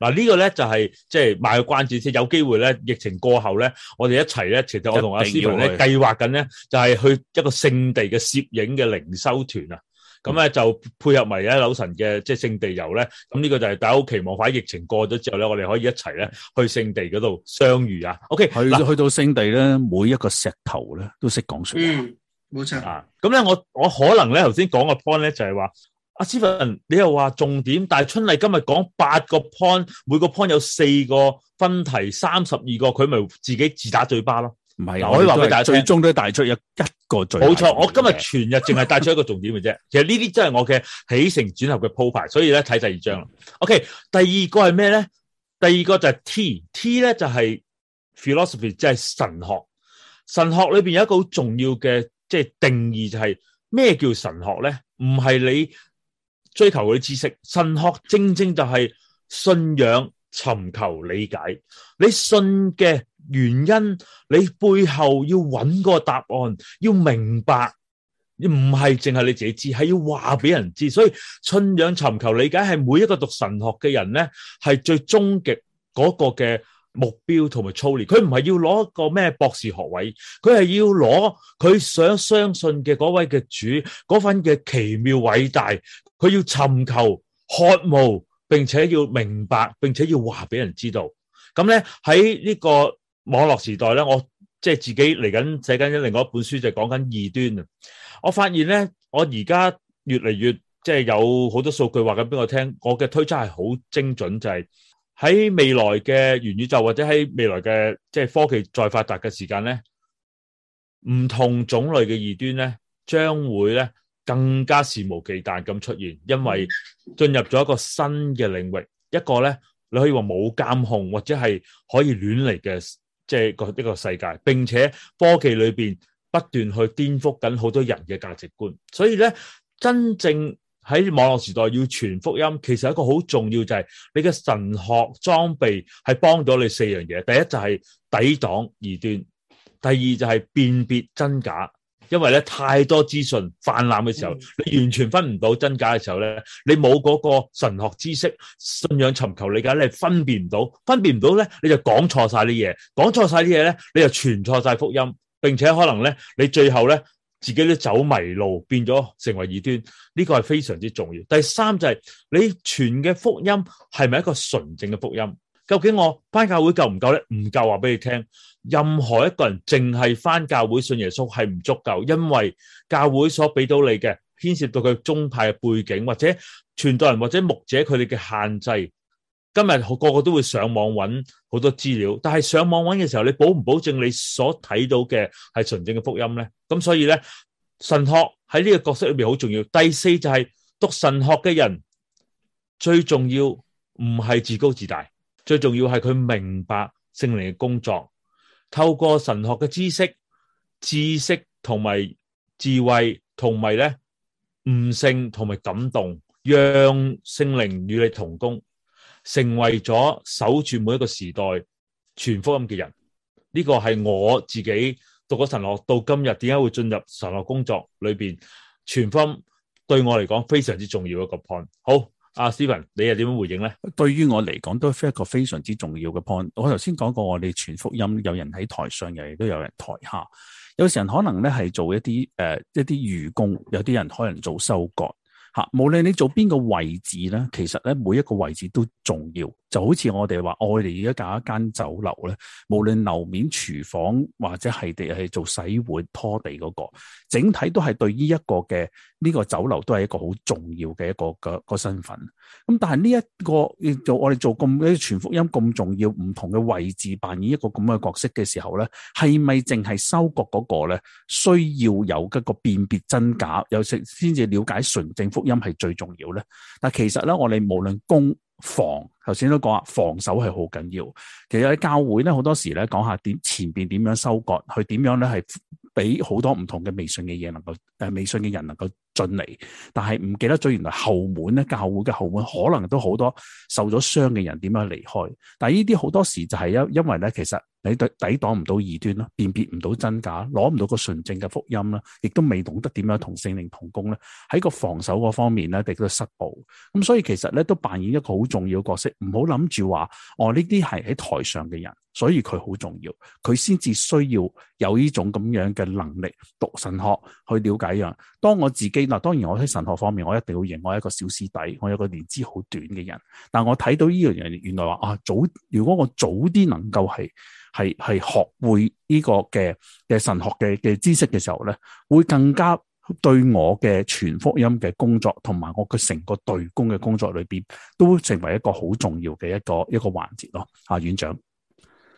嗱呢個咧就係即係賣個關子先，有機會咧疫情過後咧，我哋一齊咧，其實我同阿思文咧計劃緊咧，就係去一個聖地嘅攝影嘅靈修團啊。咁、嗯、咧就配合埋喺紐神嘅即係聖地遊咧，咁呢個就係大家好期望喺疫情過咗之後咧，我哋可以一齊咧去聖地嗰度相遇啊！OK，去去到聖地咧、啊，每一個石頭咧都識講説話。嗯，冇錯。啊，咁咧我我可能咧頭先講嘅 point 咧就係話，阿 Stephen 你又話重點，但係春麗今日講八個 point，每個 point 有四個分題，三十二個，佢咪自己自打嘴巴咯？唔係，我可以話俾大家，最終都帶出有一個最，冇錯。我今日全日淨係帶出一個重點嘅啫。 其實呢啲真係我嘅起承轉合嘅鋪排，所以咧睇第二章。OK，第二個係咩咧？第二個就係 T，T 咧就係 philosophy，即係神學。神學裏邊有一個好重要嘅即係定義，就是，就係咩叫神學咧？唔係你追求嗰啲知識，神學正正就係信仰。尋求理解，你信嘅原因，你背後要揾個答案，要明白，唔係淨係你自己知，係要話俾人知。所以，信仰尋求理解係每一個讀神學嘅人咧，係最終極嗰個嘅目標同埋操練。佢唔係要攞一個咩博士學位，佢係要攞佢想相信嘅嗰位嘅主，嗰份嘅奇妙偉大，佢要尋求渴慕。並且要明白，並且要話俾人知道。咁咧喺呢個網絡時代咧，我即係、就是、自己嚟緊寫緊另外一本書，就係講緊異端啊！我發現咧，我而家越嚟越即係、就是、有好多數據話緊俾我聽，我嘅推測係好精準，就係、是、喺未來嘅元宇宙，或者喺未來嘅即係科技再發達嘅時間咧，唔同種類嘅異端咧，將會咧。更加肆無忌憚咁出現，因為進入咗一個新嘅領域，一個咧你可以話冇監控或者係可以亂嚟嘅，即係個一個世界，並且科技裏邊不斷去顛覆緊好多人嘅價值觀。所以咧，真正喺網絡時代要傳福音，其實一個好重要的就係你嘅神學裝備係幫到你四樣嘢。第一就係抵擋異端，第二就係辨別真假。因為咧，太多資訊泛濫嘅時候，你完全分唔到真假嘅時候咧，你冇嗰個神學知識、信仰尋求理解，你分辨唔到，分辨唔到咧，你就講錯晒啲嘢，講錯晒啲嘢咧，你就傳錯晒福音，並且可能咧，你最後咧自己都走迷路，變咗成為異端。呢個係非常之重要。第三就係你傳嘅福音係咪一個純正嘅福音？究竟我翻教會夠唔夠咧？唔夠話俾你聽，任何一個人淨係翻教會信耶穌係唔足夠，因為教會所俾到你嘅牽涉到佢宗派嘅背景，或者傳道人或者牧者佢哋嘅限制。今日個個都會上網揾好多資料，但係上網揾嘅時候，你保唔保證你所睇到嘅係純正嘅福音咧？咁所以咧，神學喺呢個角色裏邊好重要。第四就係讀神學嘅人最重要唔係自高自大。最重要係佢明白聖靈嘅工作，透過神學嘅知識、知識同埋智慧，同埋咧悟性、同埋感動，讓聖靈與你同工，成為咗守住每一個時代傳福音嘅人。呢個係我自己讀咗神學到今日，點解會進入神學工作裏邊傳福音？對我嚟講非常之重要一個 point。好。阿 Steven，你又點樣回應咧？對於我嚟講，都係一個非常之重要嘅 point。我頭先講過，我哋全福音，有人喺台上，亦都有人台下。有時人可能咧係做一啲誒、呃、一啲愚工，有啲人可能做收割。吓，無論你做邊個位置咧，其實咧每一個位置都重要。就好似我哋話，我哋而家搞一間酒樓咧，無論樓面、廚房或者係地係做洗碗拖地嗰個,整體都係對於一個嘅呢個酒樓都係一個好重要嘅一個個個身份。咁但係呢一個我做我哋做咁嘅全福音咁重要，唔同嘅位置扮演一個咁嘅角色嘅時候咧，係咪淨係收割嗰個咧？需要有一個辨別真假，有先至了解純正福音係最重要咧。但係其實咧，我哋無論攻防，頭先都講下，防守係好緊要。其實喺教會咧，好多時咧講下點前邊點樣收割，去點樣咧係俾好多唔同嘅微信嘅嘢，能夠誒，呃、微信嘅人能夠。進嚟，但係唔記得咗原來後門咧，教會嘅後門可能都好多受咗傷嘅人點樣離開。但係呢啲好多時就係因因為咧，其實你抵抵擋唔到異端啦，辨別唔到真假，攞唔到個純正嘅福音啦，亦都未懂得點樣同聖靈同工咧，喺個防守嗰方面咧，亦都失步。咁所以其實咧都扮演一個好重要嘅角色。唔好諗住話，哦呢啲係喺台上嘅人，所以佢好重要，佢先至需要有呢種咁樣嘅能力讀神學去了解一樣。當我自己。嗱，當然我喺神學方面，我一定要認我係一個小師弟，我有一個年資好短嘅人。但我睇到呢樣嘢，原來話啊，早如果我早啲能夠係係係學會呢個嘅嘅神學嘅嘅知識嘅時候咧，會更加對我嘅傳福音嘅工作同埋我嘅成個對公嘅工作裏邊，都成為一個好重要嘅一個一個環節咯。啊，院長，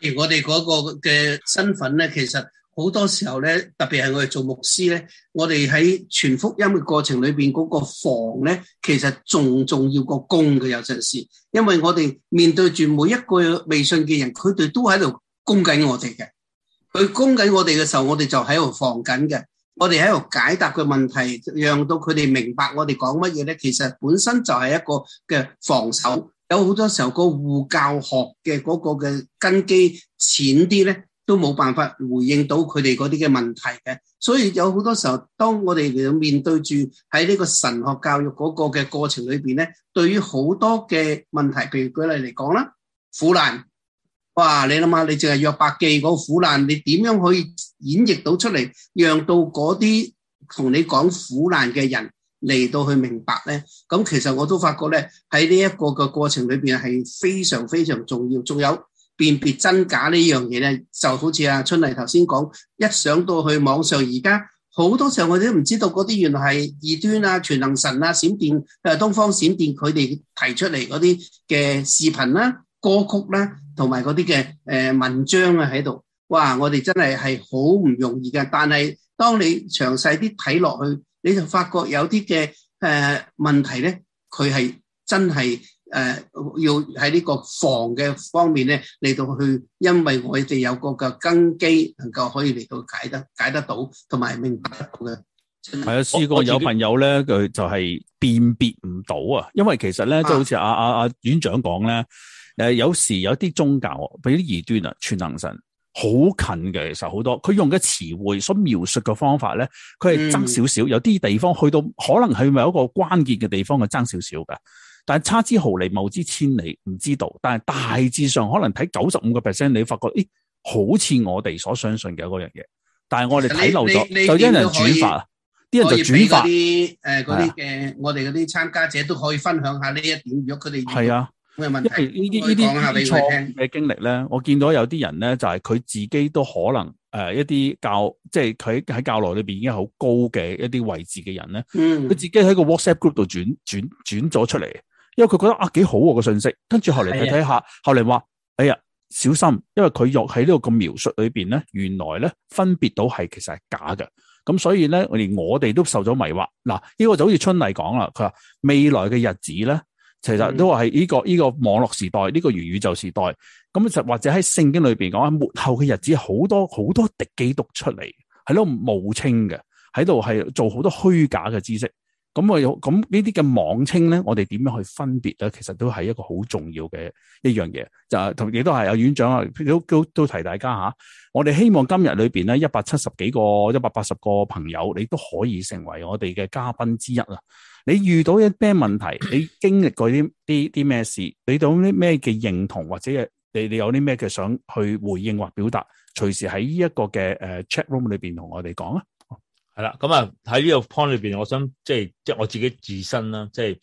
而我哋嗰個嘅身份咧，其實。好多時候咧，特別係我哋做牧師咧，我哋喺傳福音嘅過程裏面嗰個防咧，其實仲重要過攻嘅有陣時。因為我哋面對住每一個未信嘅人，佢哋都喺度攻緊我哋嘅。佢攻緊我哋嘅時候，我哋就喺度防緊嘅。我哋喺度解答嘅問題，讓到佢哋明白我哋講乜嘢咧。其實本身就係一個嘅防守。有好多時候個護教學嘅嗰個嘅根基淺啲咧。都冇辦法回應到佢哋嗰啲嘅問題嘅，所以有好多時候，當我哋嚟到面對住喺呢個神學教育嗰個嘅過程裏邊咧，對於好多嘅問題，譬如舉例嚟講啦，苦難，哇，你諗下，你淨係約百記嗰苦難，你點樣可以演繹到出嚟，讓到嗰啲同你講苦難嘅人嚟到去明白咧？咁其實我都發覺咧，喺呢一個嘅過程裏邊係非常非常重要，仲有。辨別真假呢樣嘢咧，就好似阿春麗頭先講，一上到去網上，而家好多時候我哋都唔知道嗰啲原來係異端啊、全能神啊、閃電、誒東方閃電佢哋提出嚟嗰啲嘅視頻啦、啊、歌曲啦、啊，同埋嗰啲嘅誒文章啊喺度，哇！我哋真係係好唔容易嘅，但係當你詳細啲睇落去，你就發覺有啲嘅誒問題咧，佢係真係。誒、呃，要喺呢個防嘅方面咧，嚟到去，因為我哋有個嘅根基，能夠可以嚟到解得解得到，同埋明白得到嘅。係啊，試過有朋友咧，佢就係辨別唔到啊，因為其實咧，即係好似阿阿阿院長講咧，誒，有時有啲宗教俾啲異端啊，全能神好近嘅，其實好多，佢用嘅詞彙，所描述嘅方法咧，佢係爭少少，有啲地方去到，可能係咪有一個關鍵嘅地方係爭少少嘅。但係差之毫厘，謬之千里，唔知道。但係大致上可能睇九十五個 percent，你發覺，誒，好似我哋所相信嘅嗰樣嘢。但係我哋睇漏咗，就因人轉發，啲人就轉發啲誒嗰啲嘅，我哋嗰啲參加者都可以分享下呢一點。如果佢哋係啊，因為呢啲呢啲錯嘅經歷咧，我見到有啲人咧，就係、是、佢自己都可能誒、呃、一啲教，即係佢喺教內裏邊已經好高嘅一啲位置嘅人咧，佢、嗯、自己喺個 WhatsApp group 度轉轉轉咗出嚟。因為佢覺得啊幾好個信息，跟住後嚟睇睇下，後嚟話哎呀小心，因為佢若喺呢個個描述裏邊咧，原來咧分別到係其實係假嘅，咁所以咧我連我哋都受咗迷惑。嗱呢個就好似春麗講啦，佢話未來嘅日子咧，其實都係呢個呢個網絡時代呢個元宇宙時代，咁實或者喺聖經裏邊講啊末後嘅日子，好多好多敵基督出嚟，係咯冇清嘅，喺度係做好多虛假嘅知識。咁我有咁呢啲嘅網稱咧，我哋點樣去分別咧？其實都係一個好重要嘅一樣嘢。就係同亦都係阿院長啊，都都都提大家吓。我哋希望今日裏面咧一百七十幾個、一百八十個朋友，你都可以成為我哋嘅嘉賓之一啊！你遇到一咩問題？你經歷過啲啲啲咩事？你到啲咩嘅認同，或者你你有啲咩嘅想去回應或表達？隨時喺呢一個嘅 chat room 裏面同我哋講啊！係啦，咁啊喺呢個 point 裏邊，我想即係即係我自己自身啦，即係誒、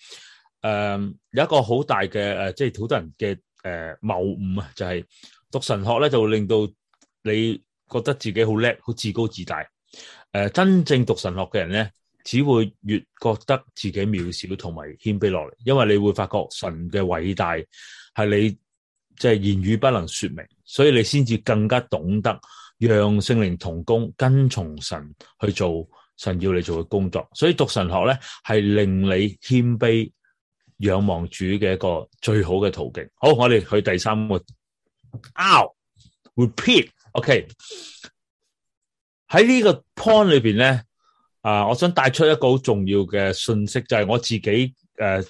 呃、有一個好大嘅誒，即係好多人嘅誒謬誤啊，就係、是、讀神學咧，就會令到你覺得自己好叻，好自高自大。誒、呃，真正讀神學嘅人咧，只會越覺得自己渺小，同埋謙卑落嚟，因為你會發覺神嘅偉大係你即係、就是、言語不能說明，所以你先至更加懂得。讓聖靈同工，跟從神去做，神要你做的工作。所以，讀神學呢，是令你謙卑，仰望主的一個最好的途徑。好，我們去第三個。Out! Oh, repeat! Okay. 在這個 point 裏面呢，我想帶出一個好重要的訊息，就是我自己，呃，呃，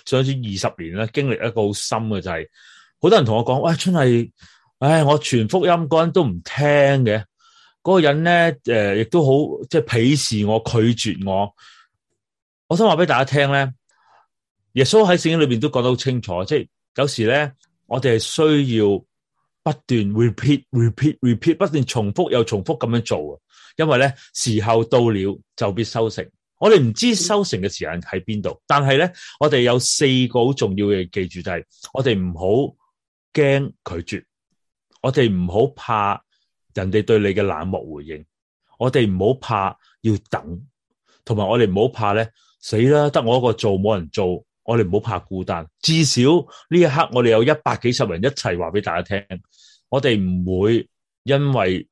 嗰、那個人咧，誒、呃，亦都好即係鄙視我，拒絕我。我想話俾大家聽咧，耶穌喺聖經裏邊都講得好清楚，即係有時咧，我哋係需要不斷 repeat、repeat、repeat，不斷重複又重複咁樣做。因為咧，時候到了就必收成。我哋唔知收成嘅時間喺邊度，但係咧，我哋有四個好重要嘅嘢記住，就係、是、我哋唔好驚拒絕，我哋唔好怕。人哋對你嘅冷漠回應，我哋唔好怕，要等，同埋我哋唔好怕咧，死啦，得我一個做，冇人做，我哋唔好怕孤單。至少呢一刻，我哋有一百幾十人一齊話俾大家聽，我哋唔會因為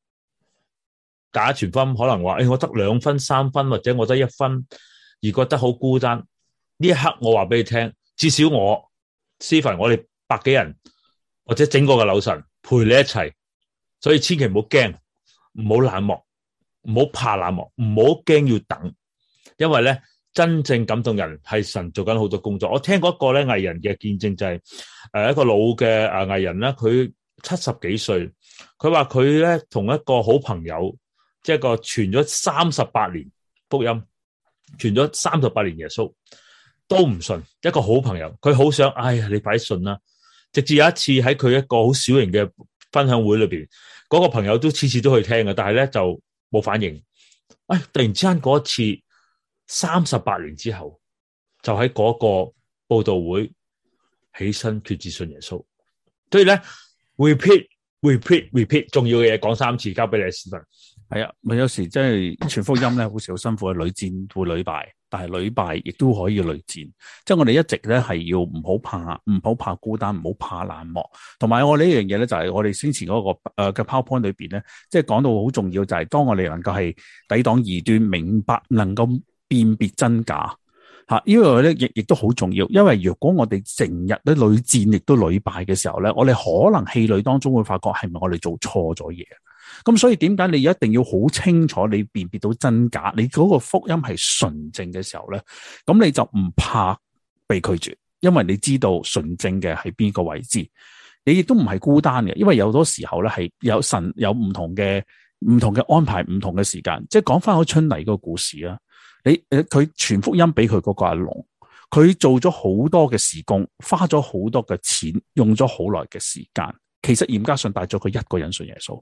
假傳分可能話，誒、欸，我得兩分、三分或者我得一分而覺得好孤單。呢一刻我話俾你聽，至少我 Steven，我哋百幾人或者整個嘅紐神陪你一齊。所以千祈唔好驚，唔好冷漠，唔好怕冷漠，唔好驚要等，因為咧真正感動人係神做緊好多工作。我聽過一個咧藝人嘅見證就係、是、誒一個老嘅誒藝人啦，佢七十幾歲，佢話佢咧同一個好朋友即係個傳咗三十八年福音，傳咗三十八年耶穌都唔信，一個好朋友佢好想，哎呀你擺信啦，直至有一次喺佢一個好小型嘅分享會裏邊。嗰、那個朋友都次次都去聽嘅，但係咧就冇反應。哎，突然之間嗰一次，三十八年之後，就喺嗰個佈道會起身決志信耶穌。所以咧，repeat，repeat，repeat，重要嘅嘢講三次，交俾你識得。係啊，咪有時即係傳福音咧，好似好辛苦嘅，屢戰會屢敗，但係屢敗亦都可以屢戰。即係我哋一直咧係要唔好怕，唔好怕孤單，唔好怕冷漠。同埋我呢樣嘢咧，就係我哋先前嗰個誒嘅 PowerPoint 裏邊咧，即係講到好重要，就係當我哋能夠係抵擋異端，明白能夠辨別真假吓，呢個咧亦亦都好重要。因為如果我哋成日都屢戰亦都屢敗嘅時候咧，我哋可能氣餒當中會發覺係咪我哋做錯咗嘢？咁所以點解你一定要好清楚你辨別到真假？你嗰個福音係純正嘅時候咧，咁你就唔怕被拒絕，因為你知道純正嘅喺邊個位置。你亦都唔係孤單嘅，因為有好多時候咧，係有神有唔同嘅、唔同嘅安排，唔同嘅時間。即係講翻我春泥個故事啦，你誒佢傳福音俾佢嗰個阿龍，佢做咗好多嘅事工，花咗好多嘅錢，用咗好耐嘅時間。其實嚴家順帶咗佢一個人信耶穌。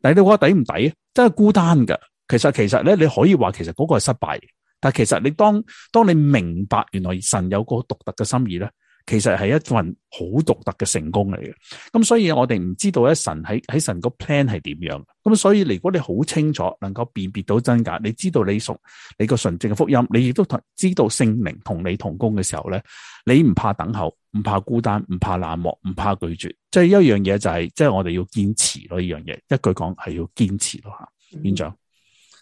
但係你話抵唔抵啊？真係孤單噶。其實其實咧，你可以話其實嗰個係失敗。但係其實你當當你明白原來神有個獨特嘅心意咧。其實係一份好獨特嘅成功嚟嘅，咁所以我哋唔知道咧，在神喺喺神個 plan 係點樣，咁所以如果你好清楚，能夠辨別到真假，你知道你屬你個純正嘅福音，你亦都知道聖靈同你同工嘅時候咧，你唔怕等候，唔怕孤單，唔怕冷漠，唔怕拒絕，即係一樣嘢就係，即係我哋要堅持咯，呢樣嘢一句講係要堅持咯，吓，院長。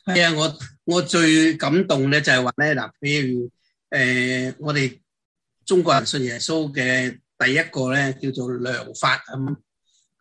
係啊，我我最感動咧就係話咧嗱，比如誒我哋。中國人信耶穌嘅第一個咧叫做梁發。咁，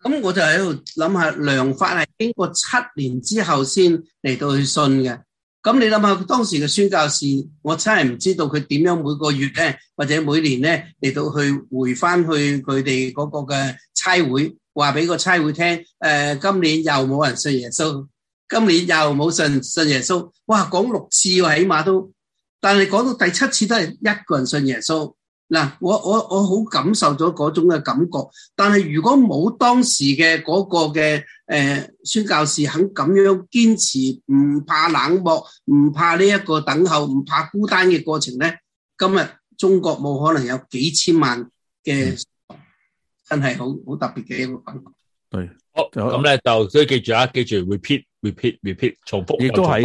咁我就喺度諗下梁發係經過七年之後先嚟到去信嘅。咁你諗下當時嘅宣教士，我真係唔知道佢點樣每個月咧或者每年咧嚟到去回翻去佢哋嗰個嘅差會話俾個差會聽。誒、呃，今年又冇人信耶穌，今年又冇信信耶穌。哇，講六次喎，啊，起碼都，但係講到第七次都係一個人信耶穌。嗱，我我我好感受咗嗰種嘅感覺，但係如果冇當時嘅嗰個嘅誒宣教士肯咁樣堅持，唔怕冷漠，唔怕呢一個等候，唔怕孤單嘅過程咧，今日中國冇可能有幾千萬嘅真係好好特別嘅一個感覺。係，好咁咧，就所以記住啊，記住 repeat，repeat，repeat，重複。亦都喺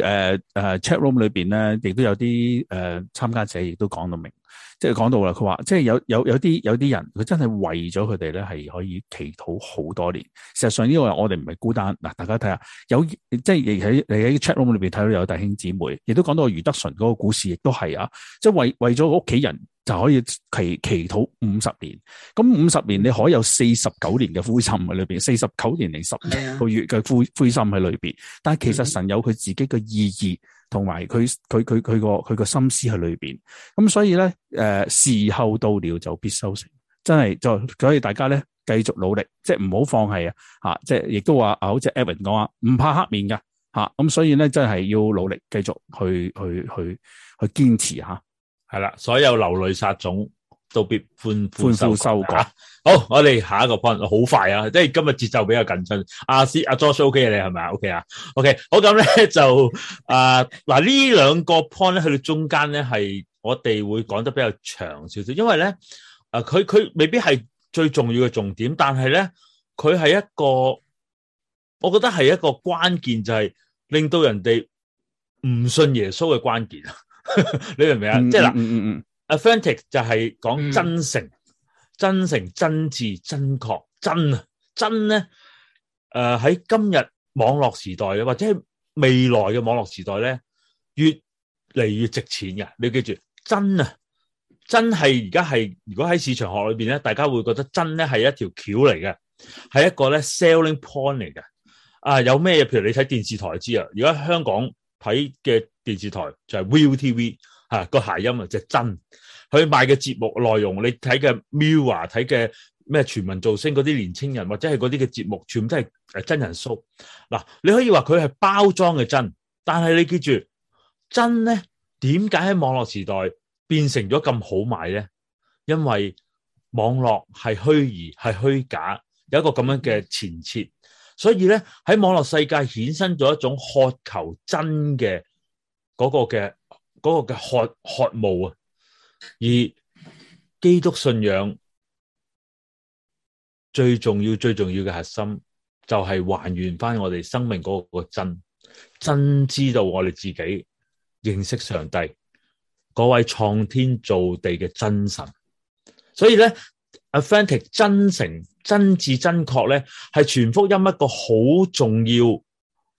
誒誒 chat room 裏邊咧，亦都有啲誒參加者亦都講到明。.即係講到啦，佢話即係有有有啲有啲人，佢真係為咗佢哋咧係可以祈禱好多年。事實上呢個我哋唔係孤單，嗱大家睇下，有即係亦喺你喺 chat room 裏邊睇到有弟兄姊妹，亦都講到余德純嗰個故事，亦都係啊，即係為為咗屋企人。就可以祈祈禱五十年，咁五十年你可以有四十九年嘅灰心喺裏邊，四十九年零十個月嘅灰灰心喺裏邊。但係其實神有佢自己嘅意義，同埋佢佢佢佢個佢個心思喺裏邊。咁所以咧，誒、呃、時候到了就必收成，真係就所以大家咧繼續努力，即係唔好放棄啊！吓，即係亦都話啊，好似 Evan 講話唔怕黑面噶吓。咁、啊、所以咧，真係要努力繼續去去去去，去堅持吓。啊係啦，所有流淚撒種都必歡呼收割，歡呼收割。好，我哋下一個 point 好快啊，即係今日節奏比較緊張。阿斯阿 Josh，O K 你係咪啊？O K 啊，O K。好咁咧就啊，嗱、啊 okay okay okay. 呢、呃、 兩個 point 咧去到中間咧係我哋會講得比較長少少，因為咧呃佢佢未必係最重要嘅重點，但係咧佢係一個，我覺得係一個關鍵，就係令到人哋唔信耶穌嘅關鍵啊。 你明唔明啊？即係嗱，authentic 就係講真誠、mm.、真誠、真摯、真確、真啊！真咧誒喺今日網絡時代，或者係未來嘅網絡時代咧，越嚟越值錢嘅。你要記住，真啊，真係而家係如果喺市場學裏邊咧，大家會覺得真咧係一條橋嚟嘅，係一個咧 selling point 嚟嘅。啊，有咩嘢？譬如你睇電視台就知啊。而家香港。睇嘅電視台就係 ViuTV 吓，個諧音啊，就是 ViuTV, 個鞋音就是、真，佢賣嘅節目內容，你睇嘅 Mirror 睇嘅咩全民造星嗰啲年青人或者係嗰啲嘅節目，全部都係誒真人 show。嗱，你可以話佢係包裝嘅真，但係你記住真咧，點解喺網絡時代變成咗咁好賣咧？因為網絡係虛擬，係虛假，有一個咁樣嘅前設。所以咧，喺網絡世界衍生咗一種渴求真嘅嗰、嗰個嘅、嗰個嘅渴渴慕啊！而基督信仰最重要最重要嘅核心就係還原翻我哋生命嗰個真，真知道我哋自己認識上帝嗰位創天造地嘅真神。所以咧，authentic 真誠。真摯真確咧，係全福音一個好重要，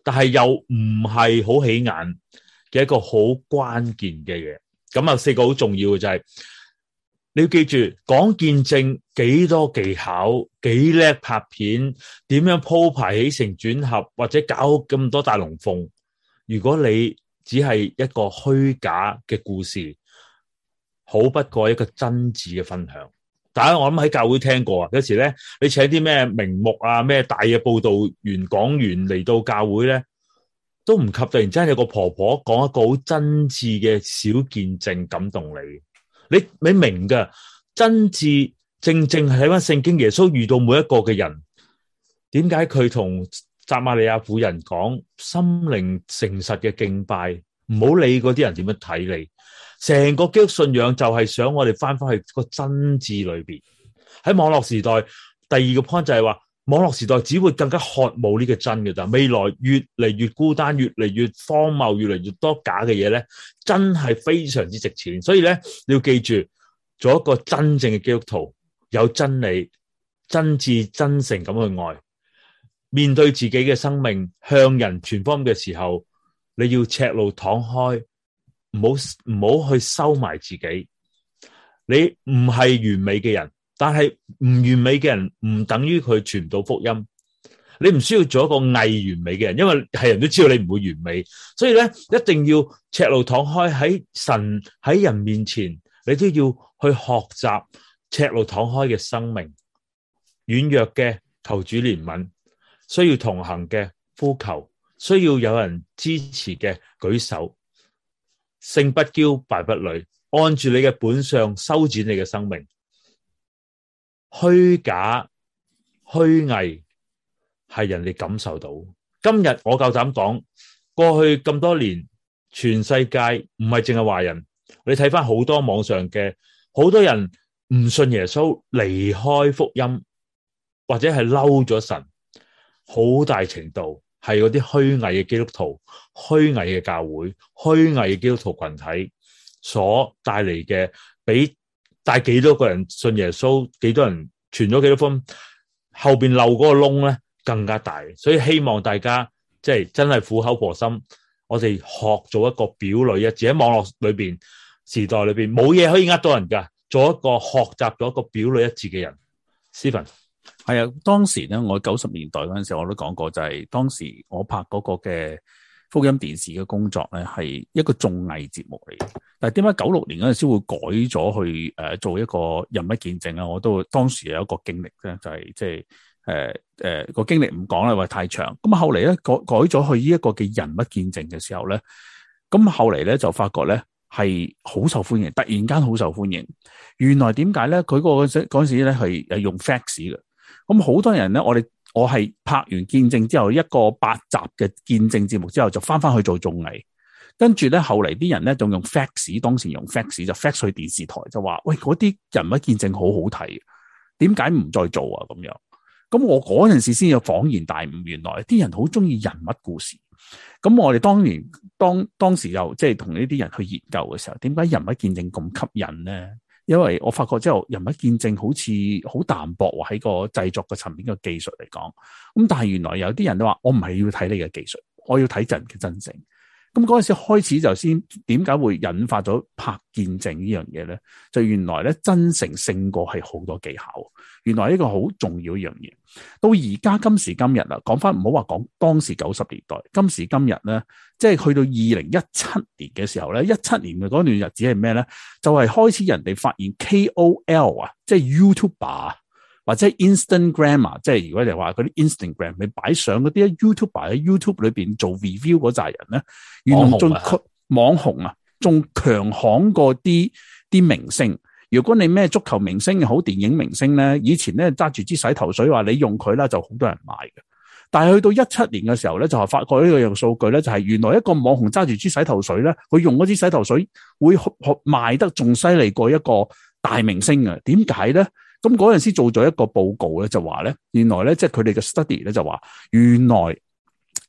但係又唔係好起眼嘅一個好關鍵嘅嘢。咁啊，四個好重要嘅就係、是，你要記住講見證幾多技巧，幾叻拍片，點樣鋪排起承轉合，或者搞咁多大龍鳳。如果你只係一個虛假嘅故事，好不過一個真摯嘅分享。但我諗喺教會聽過啊，有時咧，你請啲咩名目啊咩大嘅報道員講員嚟到教會咧，都唔及突然之間有個婆婆講一個好真摯嘅小見證感動你，你你明噶？真摯正正係睇翻聖經，耶穌遇到每一個嘅人，點解佢同撒瑪利亞婦人講心靈誠實嘅敬拜，唔好理嗰啲人點樣睇你。成個基督信仰就係想我哋翻翻去個真摯裏邊。喺網絡時代，第二個 point 就係話，網絡時代只會更加渴望呢個真嘅。咋未來越嚟越孤單，越嚟越荒謬，越嚟越多假嘅嘢咧，真係非常之值錢。所以咧，你要記住做一個真正嘅基督徒，有真理、真摯、真誠咁去愛。面對自己嘅生命，向人傳福音嘅時候，你要赤路敞開。唔好唔好去收埋自己，你唔係完美嘅人，但係唔完美嘅人唔等於佢傳唔到福音。你唔需要做一個偽完美嘅人，因為係人都知道你唔會完美，所以咧一定要赤露敞開，喺神喺人面前，你都要去學習赤露敞開嘅生命。軟弱嘅求主憐憫，需要同行嘅呼求，需要有人支持嘅舉手。勝不驕，敗不餒。按住你嘅本相，修剪你嘅生命。虛假、虛偽係人哋感受到。今日我夠膽講，過去咁多年，全世界唔係淨係華人。你睇翻好多網上嘅，好多人唔信耶穌，離開福音，或者係嬲咗神，好大程度。係嗰啲虛偽嘅基督徒、虛偽嘅教會、虛偽嘅基督徒群體所帶嚟嘅，俾帶幾多個人信耶穌，幾多人傳咗幾多封，後邊漏嗰個窿咧更加大。所以希望大家即係、就是、真係苦口婆心，我哋學做一個表裏一致喺網絡裏邊時代裏邊冇嘢可以呃到人噶，做一個學習咗一個表裏一致嘅人，Stephen。係啊，當時咧，我九十年代嗰陣時，我都講過，就係當時我拍嗰個嘅福音電視嘅工作咧，係一個綜藝節目嚟。但係點解九六年嗰陣先會改咗去誒做一個人物見證啊？我都當時有一個經歷咧，就係即係誒誒個經歷唔講啦，話太長。咁後嚟咧改改咗去呢一個嘅人物見證嘅時候咧，咁後嚟咧就發覺咧係好受歡迎，突然間好受歡迎。原來點解咧？佢、嗰個嗰陣時咧係誒用 fax 嘅。咁好多人咧，我哋我係拍完見證之後一個八集嘅見證節目之後，就翻翻去做綜藝，跟住咧後嚟啲人咧仲用 fax，當時用 fax 就 fax 去電視台，就話喂嗰啲人物見證好好睇，點解唔再做啊？咁樣，咁我嗰陣時先有恍然大悟，原來啲人好中意人物故事。咁我哋當年當當時又即係同呢啲人去研究嘅時候，點解人物見證咁吸引咧？因為我發覺之後人物見證好似好淡薄喎，喺個製作嘅層面嘅技術嚟講。咁但係原來有啲人都話，我唔係要睇你嘅技術，我要睇人嘅真誠。咁嗰陣時開始就先點解會引發咗拍見證呢樣嘢咧？就原來咧真誠勝過係好多技巧，原來呢個好重要一樣嘢。到而家今時今日啦，講翻唔好話講當時九十年代，今時今日咧，即係去到二零一七年嘅時候咧，一七年嘅嗰段日子係咩咧？就係開始人哋發現 KOL 啊，即係 YouTuber。或者 Instagram 啊，即係如果你話嗰啲 Instagram，你擺上嗰啲 YouTube 喺 YouTube 裏邊做 review 嗰扎人咧，原來仲網紅啊，仲強、啊、行過啲啲明星。如果你咩足球明星好，電影明星咧，以前咧揸住支洗頭水話你用佢啦，就好多人買嘅。但係去到一七年嘅時候咧，就係發覺呢個樣數據咧，就係原來一個網紅揸住支洗頭水咧，佢用嗰支洗頭水會賣得仲犀利過一個大明星啊？點解咧？咁嗰陣時做咗一個報告咧，就話咧，原來咧即係佢哋嘅 study 咧，就話原來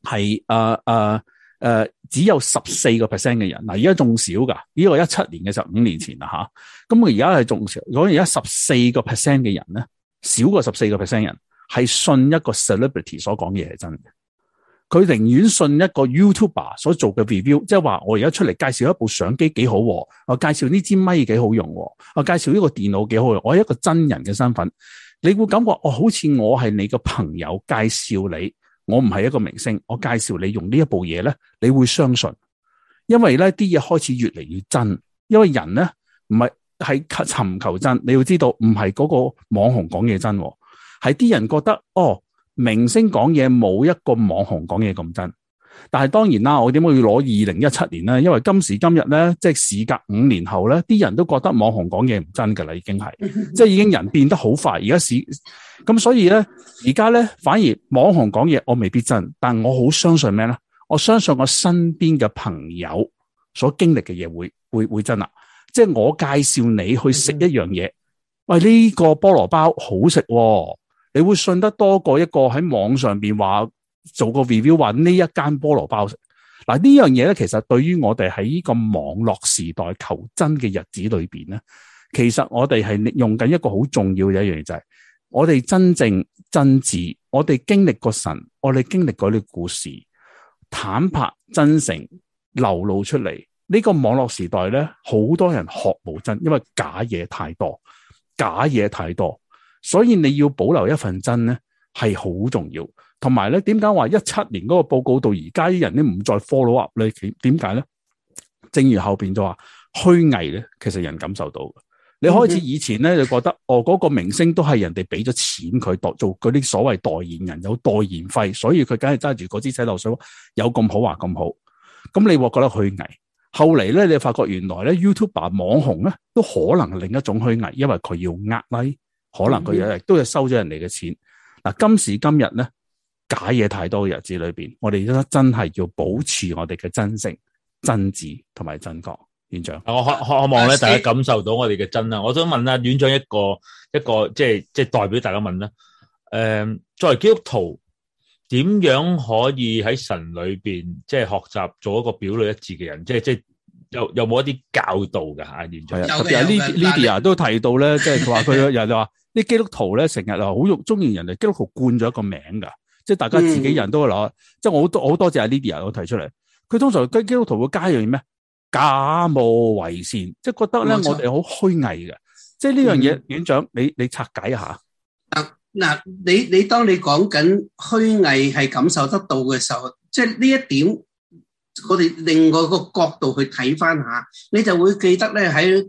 係誒誒誒只有十四個 percent 嘅人，嗱而家仲少噶，呢個一七年嘅十五年前啦吓，咁我而家係仲少，嗰而家十四個 percent 嘅人咧，少過十四個 percent 人係信一個 celebrity 所講嘢係真嘅。佢寧願信一個 YouTuber 所做嘅 review，即係話我而家出嚟介紹一部相機幾好，我介紹呢支咪幾好用，我介紹呢個電腦幾好用。我係一個真人嘅身份，你會感覺哦，好似我係你嘅朋友介紹你，我唔係一個明星，我介紹你用呢一部嘢咧，你會相信，因為咧啲嘢開始越嚟越真，因為人咧唔係係尋求真，你要知道唔係嗰個網紅講嘢真，係啲人覺得哦。明星講嘢冇一個網紅講嘢咁真，但係當然啦，我點解要攞二零一七年咧？因為今時今日咧，即係事隔五年後咧，啲人都覺得網紅講嘢唔真噶啦，已經係，即係已經人變得好快。而家市咁，所以咧，而家咧反而網紅講嘢，我未必真，但我好相信咩咧？我相信我身邊嘅朋友所經歷嘅嘢會會會真啦。即係我介紹你去食一樣嘢，喂，呢個菠蘿包好食喎。你會信得多過一個喺網上邊話做個 review 話呢一間菠蘿包嗱呢樣嘢咧，其實對於我哋喺呢個網絡時代求真嘅日子裏邊咧，其實我哋係用緊一個好重要嘅一樣嘢就係我哋真正真摯，我哋經歷過神，我哋經歷嗰啲故事，坦白真誠流露出嚟。呢個網絡時代咧，好多人學無真，因為假嘢太多，假嘢太多。所以你要保留一份真咧，係好重要。同埋咧，點解話一七年嗰個報告到而家啲人咧唔再 follow up 咧？點解咧？正如後邊就話虛偽咧，其實人感受到。你開始以前咧就覺得、嗯、哦，嗰個明星都係人哋俾咗錢佢做嗰啲所謂代言人有代言費，所以佢梗係揸住嗰支洗頭水有咁好話、啊、咁好。咁你會覺得虛偽？後嚟咧你發覺原來咧 YouTuber 網紅咧都可能係另一種虛偽，因為佢要壓低。可能佢亦日、嗯、都係收咗人哋嘅錢嗱，今時今日咧，假嘢太多嘅日子裏邊，我哋真係要保持我哋嘅真誠、真摯同埋真確。院長，我渴渴望咧，大家感受到我哋嘅真、啊、我想問下、啊、院長一個一個，一個即係即係代表大家問啦，誒，作為基督徒，點樣可以喺神裏邊即係學習做一個表裏一致嘅人？即係即係有有冇一啲教導嘅吓？院長，嗯、有的有的有的特別 Lydia 都提到咧，即係佢話佢又話。啲基督徒咧成日話好中意人哋基督徒冠咗一個名噶，即係大家自己人都會攞。即、嗯、係我好好多謝阿 Lidia 我提出嚟。佢通常基督徒會加一樣咩？假冒為善，即係覺得咧我哋好虛偽嘅。即係呢樣嘢，院長你你拆解一下。嗱，你你當你講緊虛偽係感受得到嘅時候，即係呢一點，我哋另外個角度去睇翻下，你就會記得咧喺。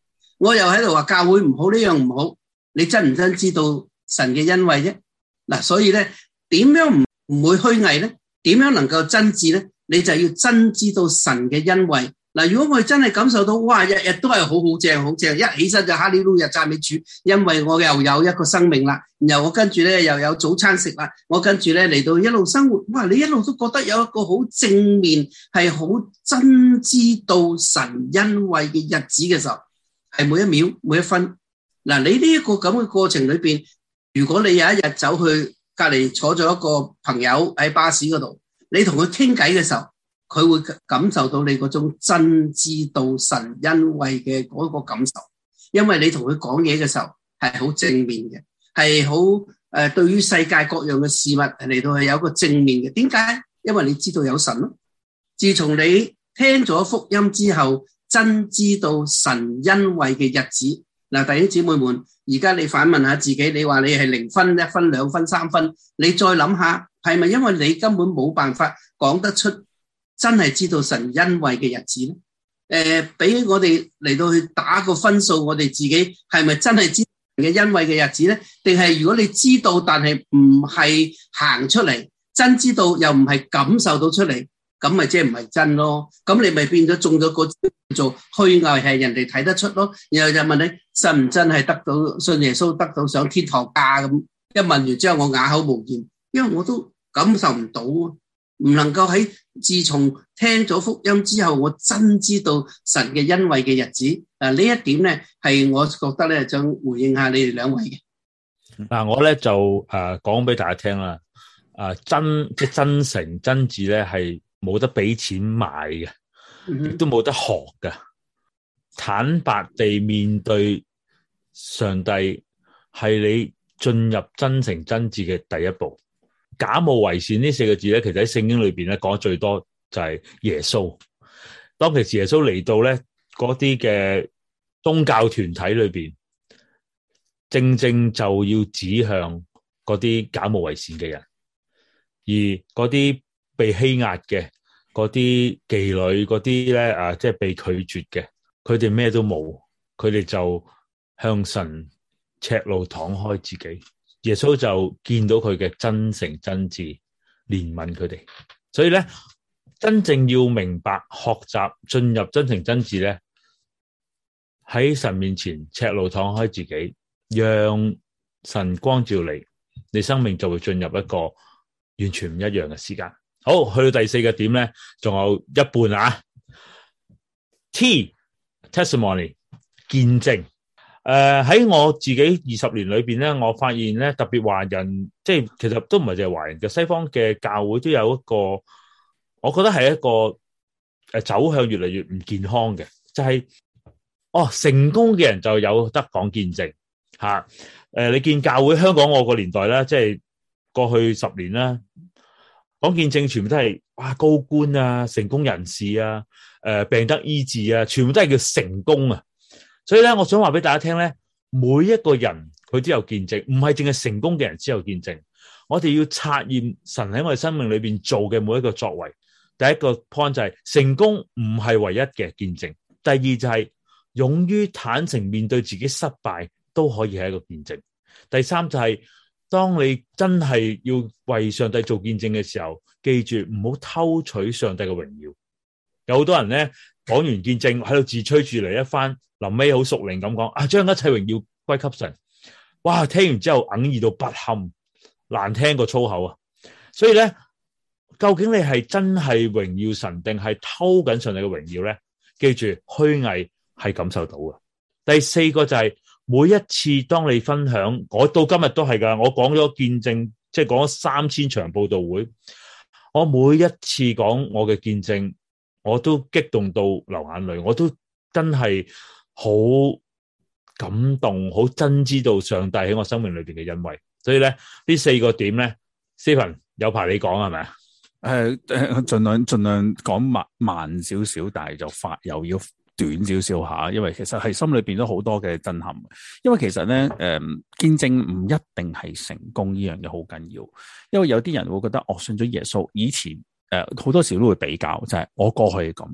我又喺度話教會唔好呢樣唔好，你真唔真知道神嘅恩惠啫？嗱，所以咧，點樣唔唔會虛偽咧？點樣能夠真摯咧？你就要真知道神嘅恩惠嗱。如果我哋真係感受到，哇，日日都係好好正好正，一起身就哈利路亞讚美主，因為我又有一個生命啦，然後我跟住咧又有早餐食啦，我跟住咧嚟到一路生活，哇！你一路都覺得有一個好正面，係好真知道神恩惠嘅日子嘅時候。係每一秒，每一分。嗱、啊，你呢一個咁嘅過程裏邊，如果你有一日走去隔籬坐咗一個朋友喺巴士嗰度，你同佢傾偈嘅時候，佢會感受到你嗰種真知道神恩惠嘅嗰個感受。因為你同佢講嘢嘅時候係好正面嘅，係好誒，對於世界各樣嘅事物嚟到係有個正面嘅。點解？因為你知道有神咯、啊。自從你聽咗福音之後。真知道神恩惠嘅日子，嗱，弟兄姊妹們，而家你反問一下自己，你話你係零分、一分、兩分、三分，你再諗下，係咪因為你根本冇辦法講得出真係知道神恩惠嘅日子咧？誒、呃，俾我哋嚟到去打個分數，我哋自己係咪真係知神恩惠嘅日子咧？定係如果你知道，但係唔係行出嚟，真知道又唔係感受到出嚟？咁咪即係唔係真咯？咁你咪變咗中咗個叫做虛偽，係人哋睇得出咯。然後就問你信唔真係得到信耶穌，得到上天堂家、啊、咁。一問完之後，我啞口無言，因為我都感受唔到，唔能夠喺自從聽咗福音之後，我真知道神嘅恩惠嘅日子。啊，呢一點咧係我覺得咧想回應下你哋兩位嘅。嗱，我咧就誒講俾大家聽啦。誒、呃，真即係真誠真摯咧係。冇得俾錢買嘅，亦都冇得學嘅。坦白地面對上帝，係你進入真誠真摯嘅第一步。假冒為善呢四個字咧，其實喺聖經裏邊咧講得最多就係耶穌。當其時耶穌嚟到咧，嗰啲嘅宗教團體裏邊，正正就要指向嗰啲假冒為善嘅人，而嗰啲。被欺壓嘅嗰啲妓女，嗰啲咧啊，即係被拒絕嘅，佢哋咩都冇，佢哋就向神赤露敞開自己。耶穌就見到佢嘅真誠真摯，憐憫佢哋。所以咧，真正要明白學習進入真誠真摯咧，喺神面前赤露敞開自己，讓神光照嚟，你生命就會進入一個完全唔一樣嘅時間。好去到第四個點咧，仲有一半啊。T testimony 見證，誒、呃、喺我自己二十年裏邊咧，我發現咧，特別華人，即係其實都唔係淨係華人嘅，西方嘅教會都有一個，我覺得係一個誒走向越嚟越唔健康嘅，就係、是、哦成功嘅人就有得講見證吓。誒、啊呃、你見教會香港我個年代咧，即係過去十年啦。講見證全部都係哇，高官啊，成功人士啊，誒、病得醫治啊，全部都係叫成功啊！所以咧，我想話俾大家聽咧，每一個人佢都有見證，唔係淨係成功嘅人先有見證。我哋要察驗神喺我哋生命裏邊做嘅每一個作為。第一個 point 就係成功唔係唯一嘅見證。第二就係勇於坦誠面對自己失敗，都可以係一個見證。第三就係。當你真係要為上帝做見證嘅時候，記住唔好偷取上帝嘅榮耀。有好多人咧講完見證喺度自吹住嚟一番，臨尾好熟靈咁講啊，將一切榮耀歸給神。哇！聽完之後愕意到不堪，難聽過粗口啊！所以咧，究竟你係真係榮耀神，定係偷緊上帝嘅榮耀咧？記住，虛偽係感受到嘅。第四個就係、是。每一次當你分享，我到今日都係噶，我講咗見證，即係講咗三千場報道會。我每一次講我嘅見證，我都激動到流眼淚，我都真係好感動，好真知道上帝喺我生命裏邊嘅恩惠。所以咧，呢四個點咧，Stephen 有排你講係咪啊？誒誒，儘量、呃呃、儘量講慢慢少少，但係就發又要，短少少下，因為其實係心裏邊都好多嘅震撼。因為其實咧，誒見證唔一定係成功呢樣嘢好緊要。因為有啲人會覺得，哦信咗耶穌以前，誒好多時都會比較，就係我過去咁，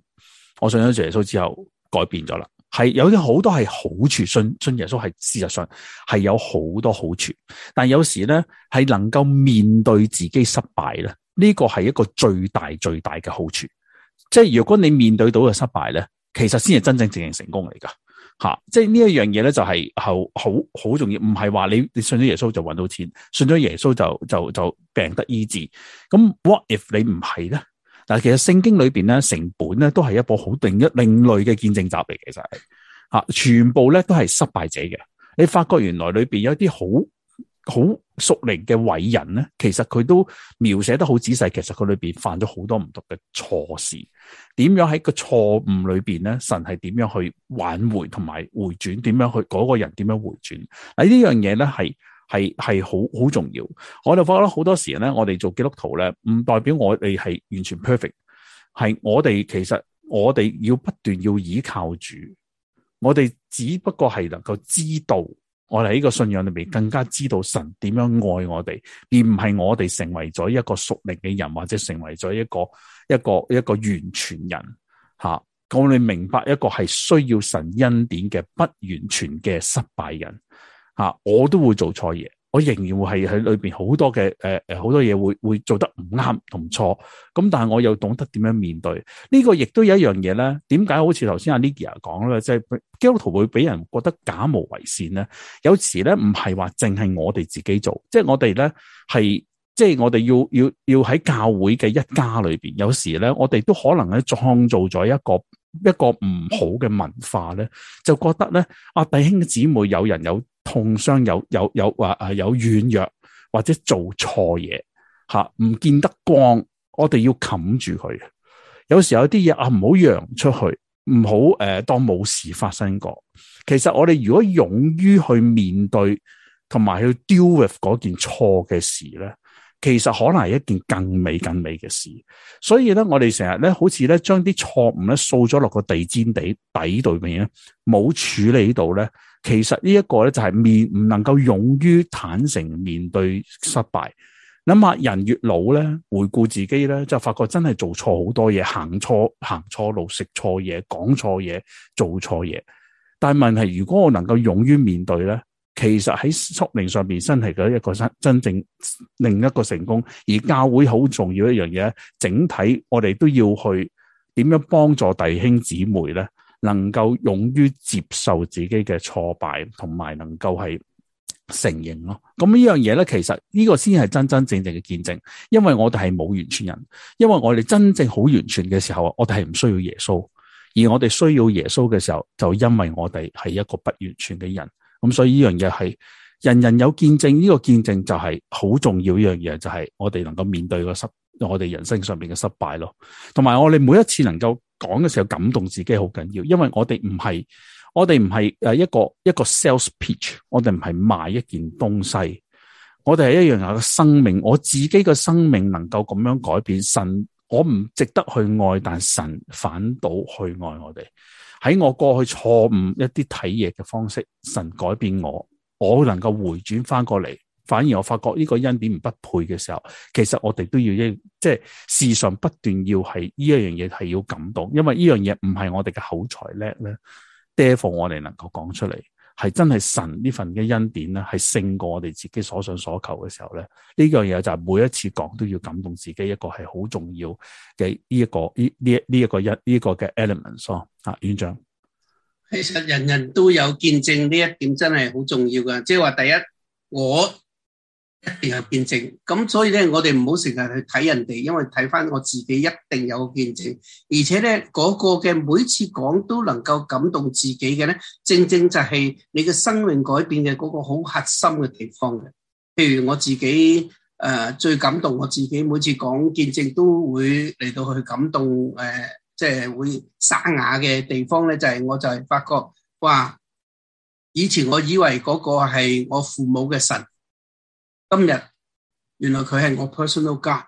我信咗耶穌之後改變咗啦。係有啲好多係好處，信信耶穌係事實上係有好多好處。但有時咧，係能夠面對自己失敗咧，呢個係一個最大最大嘅好處。即係如果你面對到嘅失敗咧。其實先係真正正型成功嚟噶，吓，即係呢一樣嘢咧就係係好好重要，唔係話你你信咗耶穌就揾到錢，信咗耶穌就就就病得醫治。咁 what if 你唔係咧？嗱，其實聖經裏邊咧成本咧都係一部好另一另類嘅見證集嚟，其實係吓，全部咧都係失敗者嘅。你發覺原來裏邊有一啲好好。很屬靈嘅偉人咧，其實佢都描寫得好仔細。其實佢裏邊犯咗好多唔同嘅錯事。點樣喺個錯誤裏邊咧，神係點樣去挽回同埋回轉？點樣去嗰個人？點樣回轉？嗱呢樣嘢咧，係係係好好重要。我哋發覺好多時咧，我哋做基督徒咧，唔代表我哋係完全 perfect。係我哋其實我哋要不斷要依靠主。我哋只不過係能夠知道。我哋喺呢個信仰裏邊更加知道神點樣愛我哋，而唔係我哋成為咗一個屬靈嘅人，或者成為咗一個一個一個完全人。吓，咁你明白一個係需要神恩典嘅不完全嘅失敗人。吓，我都會做錯嘢。我仍然會係喺裏邊好多嘅誒誒，好多嘢會會做得唔啱同唔錯，咁但係我又懂得點樣面對呢個，亦都有一樣嘢咧。點解好似頭先阿 Lidia 講咧，即係基督徒會俾人覺得假冒為善咧？有時咧唔係話淨係我哋自己做，即係我哋咧係即係我哋要要要喺教會嘅一家裏邊，有時咧我哋都可能咧創造咗一個一個唔好嘅文化咧，就覺得咧阿弟兄姊妹有人有。痛傷有有有話啊，有軟弱或者做錯嘢吓，唔見得光。我哋要冚住佢。有時候有啲嘢啊，唔好揚出去，唔好誒，當冇事發生過。其實我哋如果勇於去面對，同埋去 deal with 嗰件錯嘅事咧，其實可能係一件更美、更美嘅事。所以咧，我哋成日咧，好似咧，將啲錯誤咧掃咗落個地氈地底對面咧，冇處理到咧。其實呢一個咧就係面唔能夠勇於坦誠面對失敗。諗下人越老咧，回顧自己咧，就發覺真係做錯好多嘢，行錯行錯路，食錯嘢，講錯嘢，做錯嘢。但問題，如果我能夠勇於面對咧，其實喺心靈上面，真係嘅一個真真正另一個成功。而教會好重要一樣嘢，整體我哋都要去點樣幫助弟兄姊妹咧？能夠勇於接受自己嘅挫敗，同埋能夠係承認咯。咁呢樣嘢咧，其實呢個先係真真正正嘅見證。因為我哋係冇完全人，因為我哋真正好完全嘅時候啊，我哋係唔需要耶穌。而我哋需要耶穌嘅時候，就因為我哋係一個不完全嘅人。咁所以呢樣嘢係人人有見證，呢個見證就係好重要。呢樣嘢就係我哋能夠面對個失，我哋人生上面嘅失敗咯。同埋我哋每一次能夠。講嘅時候感動自己好緊要，因為我哋唔係，我哋唔係誒一個一個 sales pitch，我哋唔係賣一件東西，我哋係一樣有個生命，我自己嘅生命能夠咁樣改變，神我唔值得去愛，但神反倒去愛我哋，喺我過去錯誤一啲睇嘢嘅方式，神改變我，我能夠回轉翻過嚟。反而我發覺呢個恩典唔匹配嘅時候，其實我哋都要一即係事上不斷要係呢一樣嘢係要感動，因為呢樣嘢唔係我哋嘅口才叻咧 d e 我哋能夠講出嚟，係真係神呢份嘅恩典咧，係勝過我哋自己所想所求嘅時候咧。呢樣嘢就係每一次講都要感動自己一個係好重要嘅呢一個呢呢呢一個恩呢、這個嘅 elements 啊，院長。其實人人都有見證呢一點真係好重要噶，即係話第一我。有見證，咁所以咧，我哋唔好成日去睇人哋，因為睇翻我自己一定有見證，而且咧嗰個嘅每次講都能夠感動自己嘅咧，正正就係你嘅生命改變嘅嗰個好核心嘅地方嘅。譬如我自己誒，最感動我自己每次講見證都會嚟到去感動誒，即係會沙啞嘅地方咧，就係我就係發覺哇，以前我以為嗰個係我父母嘅神。今日原來佢係我 personal God。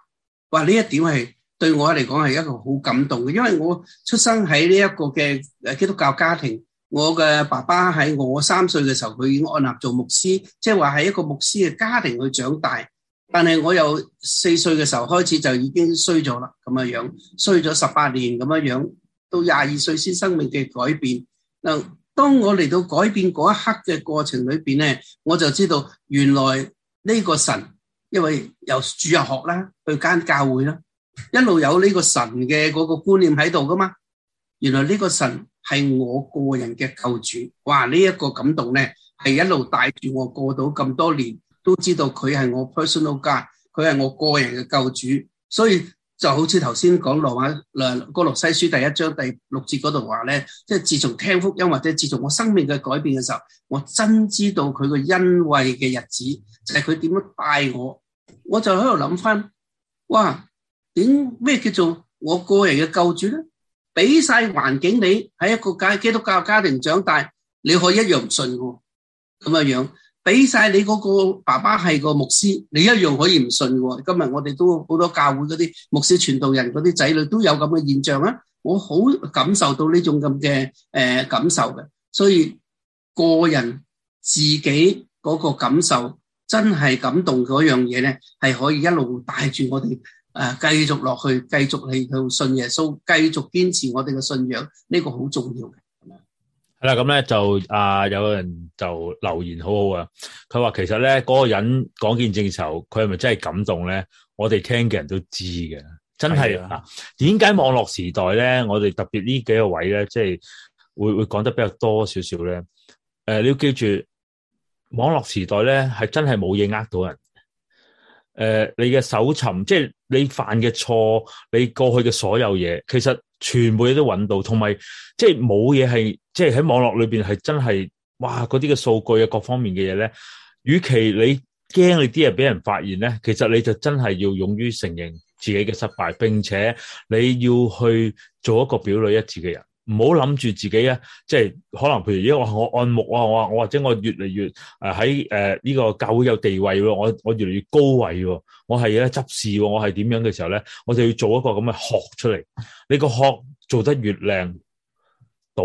話呢一點係對我嚟講係一個好感動嘅，因為我出生喺呢一個嘅誒基督教家庭，我嘅爸爸喺我三歲嘅時候佢已經按立做牧師，即係話喺一個牧師嘅家庭去長大。但係我由四歲嘅時候開始就已經衰咗啦，咁樣樣衰咗十八年咁樣樣，到廿二歲先生命嘅改變。嗱，當我嚟到改變嗰一刻嘅過程裏邊咧，我就知道原來。呢、這個神，因為由主入學啦，去間教會啦，一路有呢個神嘅嗰個觀念喺度噶嘛。原來呢個神係我個人嘅救主。哇！呢、這、一個感動咧，係一路帶住我過到咁多年，都知道佢係我 personal guy，佢係我個人嘅救、救主。所以就好似頭先講羅馬嗱，哥羅西書第一章第六節嗰度話咧，即係自從聽福音或者自從我生命嘅改變嘅時候，我真知道佢個恩惠嘅日子。係佢點樣帶我，我就喺度諗翻，哇！點咩叫做我個人嘅救主咧？俾晒環境你喺一個家基督教家庭長大，你可以一樣唔信嘅，咁嘅樣。俾晒你嗰個爸爸係個牧師，你一樣可以唔信嘅。今日我哋都好多教會嗰啲牧師傳道人嗰啲仔女都有咁嘅現象啊！我好感受到呢種咁嘅誒感受嘅，所以個人自己嗰個感受。真係感動嗰樣嘢咧，係可以一路帶住我哋誒、啊、繼續落去，繼續嚟到信耶穌，繼續堅持我哋嘅信仰，呢個好重要嘅。係啦，咁咧就啊，有人就留言好好啊，佢話其實咧嗰、嗰個人講見證籌，佢係咪真係感動咧？我哋聽嘅人都知嘅，真係啊。點解網絡時代咧，我哋特別呢幾個位咧，即、就、係、是、會會講得比較多少少咧？誒、啊，你要記住。網絡時代咧，係真係冇嘢呃到人。誒、呃，你嘅搜尋，即係你犯嘅錯，你過去嘅所有嘢，其實全部嘢都揾到，同埋即係冇嘢係，即係喺網絡裏邊係真係，哇！嗰啲嘅數據啊，各方面嘅嘢咧，與其你驚你啲嘢俾人發現咧，其實你就真係要勇於承認自己嘅失敗，並且你要去做一個表裏一致嘅人。唔好諗住自己咧，即係可能，譬如因為我按木啊，我或者我，我，我越嚟越誒喺誒呢個教會有地位，我我越嚟越高位，我係咧執事，我係點樣嘅時候咧，我就要做一個咁嘅學出嚟。你個學做得越靚，倒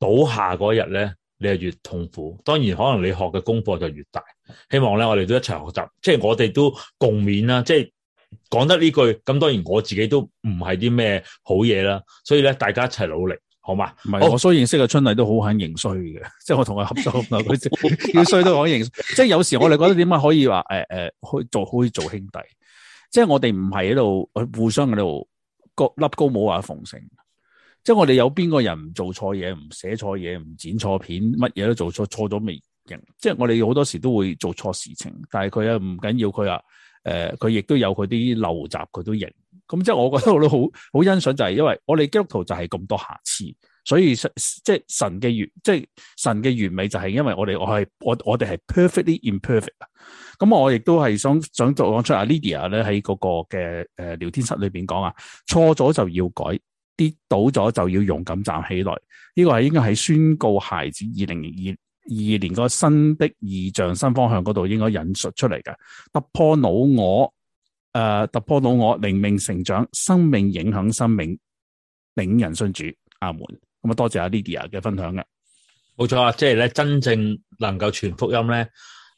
倒下嗰日咧，你係越痛苦。當然，可能你學嘅功課就越大。希望咧，我哋都一齊學習，即係我哋都共勉啦。即係講得呢句，咁當然我自己都唔係啲咩好嘢啦，所以咧大家一齊努力。不是哦，我嘛，唔係我所認識嘅春麗都好肯認衰嘅，即，就，係，是，我同佢合作， 要衰都肯認衰。 即係有時我哋覺得點解可以話誒誒去做可以做，做，做兄弟，即係我哋唔係喺度互相喺度笠高帽啊奉承。即係我哋有邊個人唔做錯嘢，唔寫錯嘢，唔剪錯片，乜嘢都做錯，錯咗未認。即係我哋好多時都會做錯事情，但係佢又唔緊要，佢啊誒，佢亦都有佢啲陋習，佢都認。咁即係我覺得我都好好欣賞，就係因為我哋基督徒就係咁多瑕疵，所以即係神即係神嘅完，即係神嘅完美就係因為我哋我係我我哋係 perfectly imperfect 啊！咁我亦都係想想再講出阿 Lydia 咧喺嗰個嘅聊天室裏面講啊，錯咗就要改，跌倒咗就要勇敢站起來。呢個係應該喺宣告孩子二零二二年個新的異象新方向嗰度應該引述出嚟嘅。突破老我。誒，突破到我，靈命成長，生命影響生命，領人信主，阿門。咁啊，多謝阿 Lidia 嘅分享嘅，冇錯啊，即係咧真正能夠傳福音咧，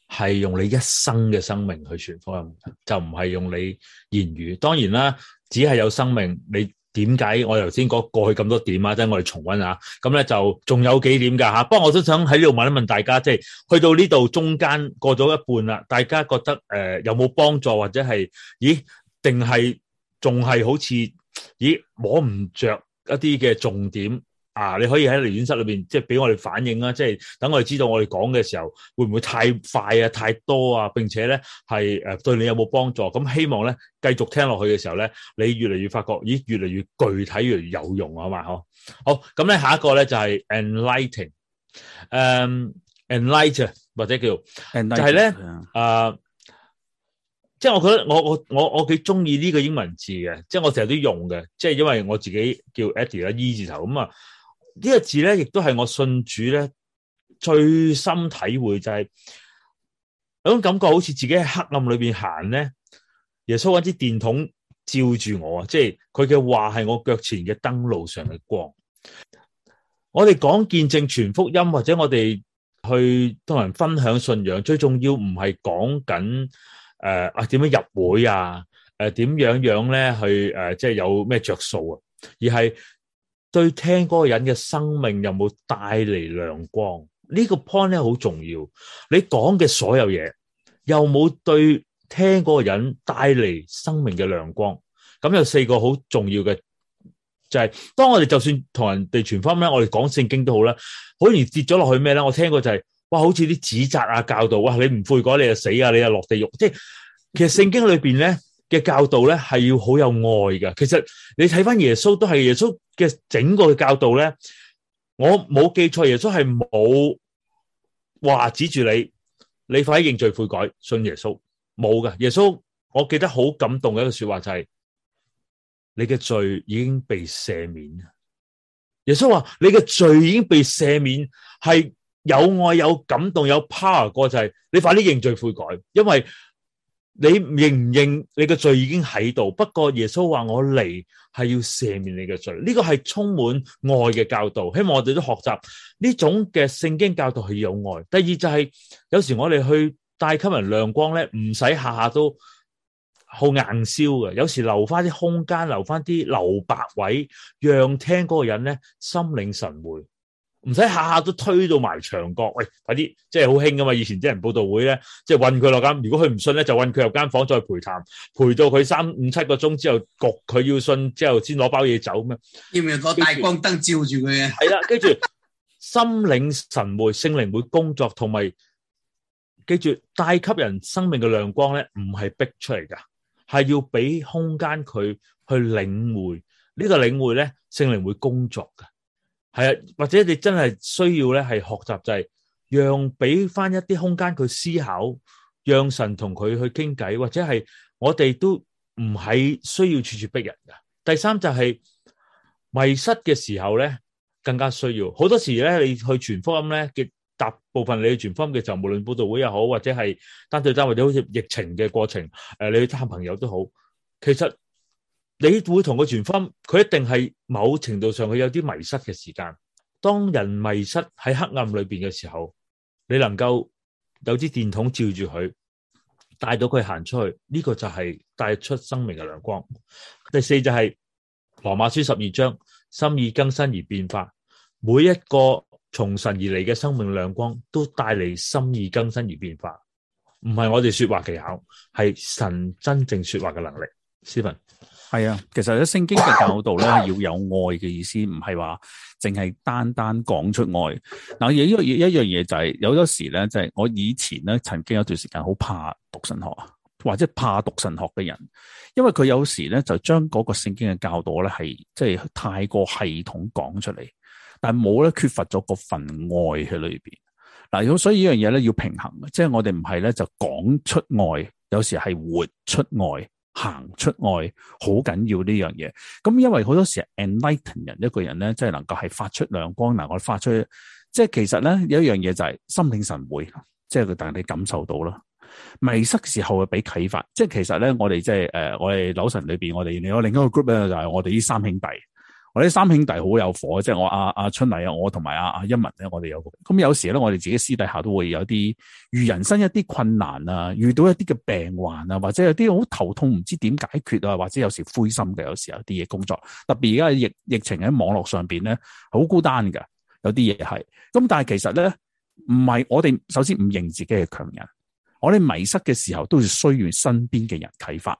係用你一生嘅生命去傳福音，就唔係用你言語。當然啦，只係有生命你。點解我頭先講過去咁多點啊？即係我哋重温下，咁咧就仲有幾點㗎嚇？不過我都想喺呢度問一問大家，即係去到呢度中間過咗一半啦，大家覺得誒有冇幫助或者係？咦？定係仲係好似？咦？摸唔着一啲嘅重點？啊！你可以喺錄影室裏邊，即係俾我哋反應啦，即係等我哋知道我哋講嘅時候，會唔會太快啊、太多啊，並且咧係誒對你有冇幫助？咁、嗯、希望咧繼續聽落去嘅時候咧，你越嚟越發覺，咦，越嚟越具體，越嚟越有用，係嘛？嗬，好咁咧、嗯，下一個咧就係、是、enlighting，誒、um，enlighten 或者叫就係咧誒，即係我覺得我我我我幾中意呢個英文字嘅，即係我成日都用嘅，即係因為我自己叫 Eddie 啦，E 字頭咁啊。.呢、這個字咧，亦都係我信主咧最深體會、就是，就係有種感覺，好似自己喺黑暗裏邊行咧。耶穌一支電筒照住我啊，即係佢嘅話係我腳前嘅燈路上嘅光。我哋講見證全福音，或者我哋去同人分享信仰，最重要唔係講緊誒、呃、啊點樣入會啊，誒、啊、點樣樣咧去誒、呃、即係有咩着數啊，而係。對聽嗰個人嘅生命有冇帶嚟亮光？呢個 point 咧好重要。你講嘅所有嘢又冇對聽嗰個人帶嚟生命嘅亮光，咁有四個好重要嘅，就係當我哋就算同人哋傳福音咧，我哋講聖經都好啦，好容易跌咗落去咩咧？我聽過就係哇，好似啲指責啊、教導哇，你唔悔改你就死啊，你又落地獄。即係其實聖經裏邊咧。嘅教導咧係要好有愛嘅，其實你睇翻耶穌都係耶穌嘅整個嘅教導咧，我冇記錯，耶穌係冇話指住你，你快啲認罪悔改，信耶穌冇㗎。耶穌我記得好感動嘅一個說話就係、是，你嘅罪，罪已經被赦免。耶穌話你嘅罪已經被赦免，係有愛、有感動、有 power 過，就係、是、你快啲認罪悔改，因為。你認唔認你個罪已經喺度？不過耶穌話我嚟係要赦免你嘅罪，呢個係充滿愛嘅教導。希望我哋都學習呢種嘅聖經教導係有愛。第二就係有時我哋去帶給人亮光咧，唔使下下都好硬銷嘅，有時留返啲空間，留返啲留白位，讓聽嗰個人咧心領神會。唔使下下都推到埋牆角，喂，快啲！即係好興噶嘛，以前啲人佈道會咧，即係困佢落監，如果佢唔信咧，就困佢入間房再陪談，陪到佢三五七個鐘之後，焗佢要信之後，先攞包嘢走咩？要唔要攞大光燈照住佢啊？係啦，跟住心領神會，聖靈會工作，同埋記住帶給人生命嘅亮光咧，唔係逼出嚟噶，係要俾空間佢去領會呢個領會咧，聖靈會工作噶。係啊，或者你真係需要咧，係學習就係、是、讓俾翻一啲空間佢思考，讓神同佢去傾偈，或者係我哋都唔喺需要處處逼人噶。第三就係、是、迷失嘅時候咧，更加需要。好多時咧，你去傳福音咧嘅大部分你去傳福音嘅時候，無論佈道會又好，或者係單對單或者好似疫情嘅過程，誒，你去探朋友都好，其實。你會同佢傳婚，佢一定係某程度上佢有啲迷失嘅時間。當人迷失喺黑暗裏邊嘅時候，你能夠有支電筒照住佢，帶到佢行出去呢個就係帶出生命嘅亮光。第四就係羅馬書十二章，心意更新而變化。每一個從神而嚟嘅生命亮光都帶嚟心意更新而變化，唔係我哋說話技巧，係神真正說話嘅能力。斯文。係啊，其實咧聖經嘅教導咧，要有愛嘅意思，唔係話淨係單單講出愛。嗱、嗯，而呢個一樣嘢就係、是，有多時咧就係我以前咧曾經有段時間好怕讀神學啊，或者怕讀神學嘅人，因為佢有時咧就將嗰個聖經嘅教導咧係即係太過系統講出嚟，但係冇咧，缺乏咗個份愛喺裏邊。嗱、嗯，咁所以呢樣嘢咧要平衡即係、就是、我哋唔係咧就講出愛，有時係活出愛。行出外好緊要呢樣嘢，咁因為好多時 enlighten 人一個人咧，即係能夠係發出亮光，能夠發出，即係其實咧有一樣嘢就係心領神會，即係佢但係你感受到啦，迷失時候會俾啟發，即係其實咧我哋即係誒我哋紐神裏邊，我哋有另一個 group 咧就係我哋呢三兄弟。我哋三兄弟好有火，即係我阿阿春麗啊，我同埋阿阿一文咧，我哋、啊啊、有。咁有時咧，我哋自己私底下都會有啲遇人生一啲困難啊，遇到一啲嘅病患啊，或者有啲好頭痛，唔知點解決啊，或者有時灰心嘅，有時有啲嘢工作，特別而家疫疫情，喺網絡上面咧，好孤單噶，有啲嘢係。咁但係其實咧，唔係我哋首先唔認自己係強人，我哋迷失嘅時候都要需要身邊嘅人啟發，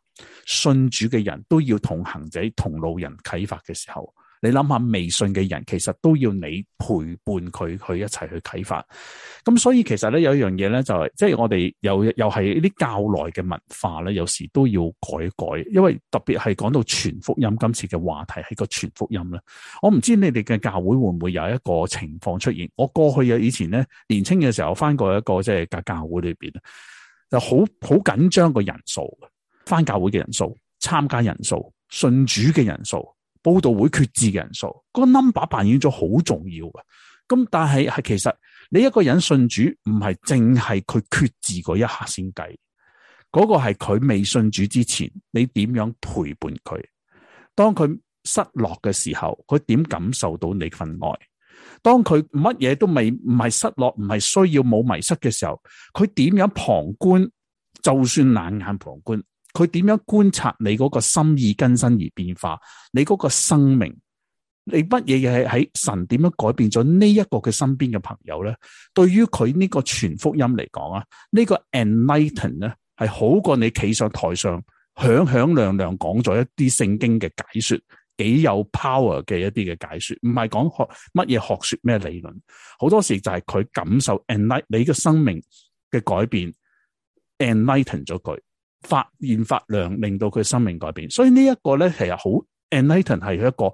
信主嘅人都要同行者同路人啟發嘅時候。你諗下，未信嘅人其實都要你陪伴佢，佢一齊去啟發。咁所以其實咧，有一樣嘢咧，就係即係我哋又又係啲教內嘅文化咧，有時都要改改。因為特別係講到全福音，今次嘅話題係個全福音。我唔知你哋嘅教會會唔會有一個情況出現？我過去啊，以前咧年輕嘅時候翻過一個即係教教會裏邊，就好好緊張個人數，翻教會嘅人數、參加人數、信主嘅人數。報道會決志嘅人數，個 number 扮演咗好重要嘅。咁但係係其實你一個人信主唔係淨係佢決志嗰一下先計，嗰個係佢未信主之前，你點樣陪伴佢？當佢失落嘅時候，佢點感受到你份愛？當佢乜嘢都未唔係失落，唔係需要冇迷失嘅時候，佢點樣旁觀？就算冷眼旁觀。佢點樣觀察你嗰個心意更新而變化？你嗰個生命，你乜嘢嘢係喺神點樣改變咗呢一個嘅身邊嘅朋友咧？對於佢呢個傳福音嚟講啊，呢個 enlighten 咧係好過你企上台上響響亮亮講咗一啲聖經嘅解說，幾有 power 嘅一啲嘅解說，唔係講學乜嘢學說咩理論，好多時就係佢感受 enlight 你嘅生命嘅改變，enlighten 咗佢。發現發亮令到佢生命改變，所以呢 一個咧，其實好。Enlighten 係一個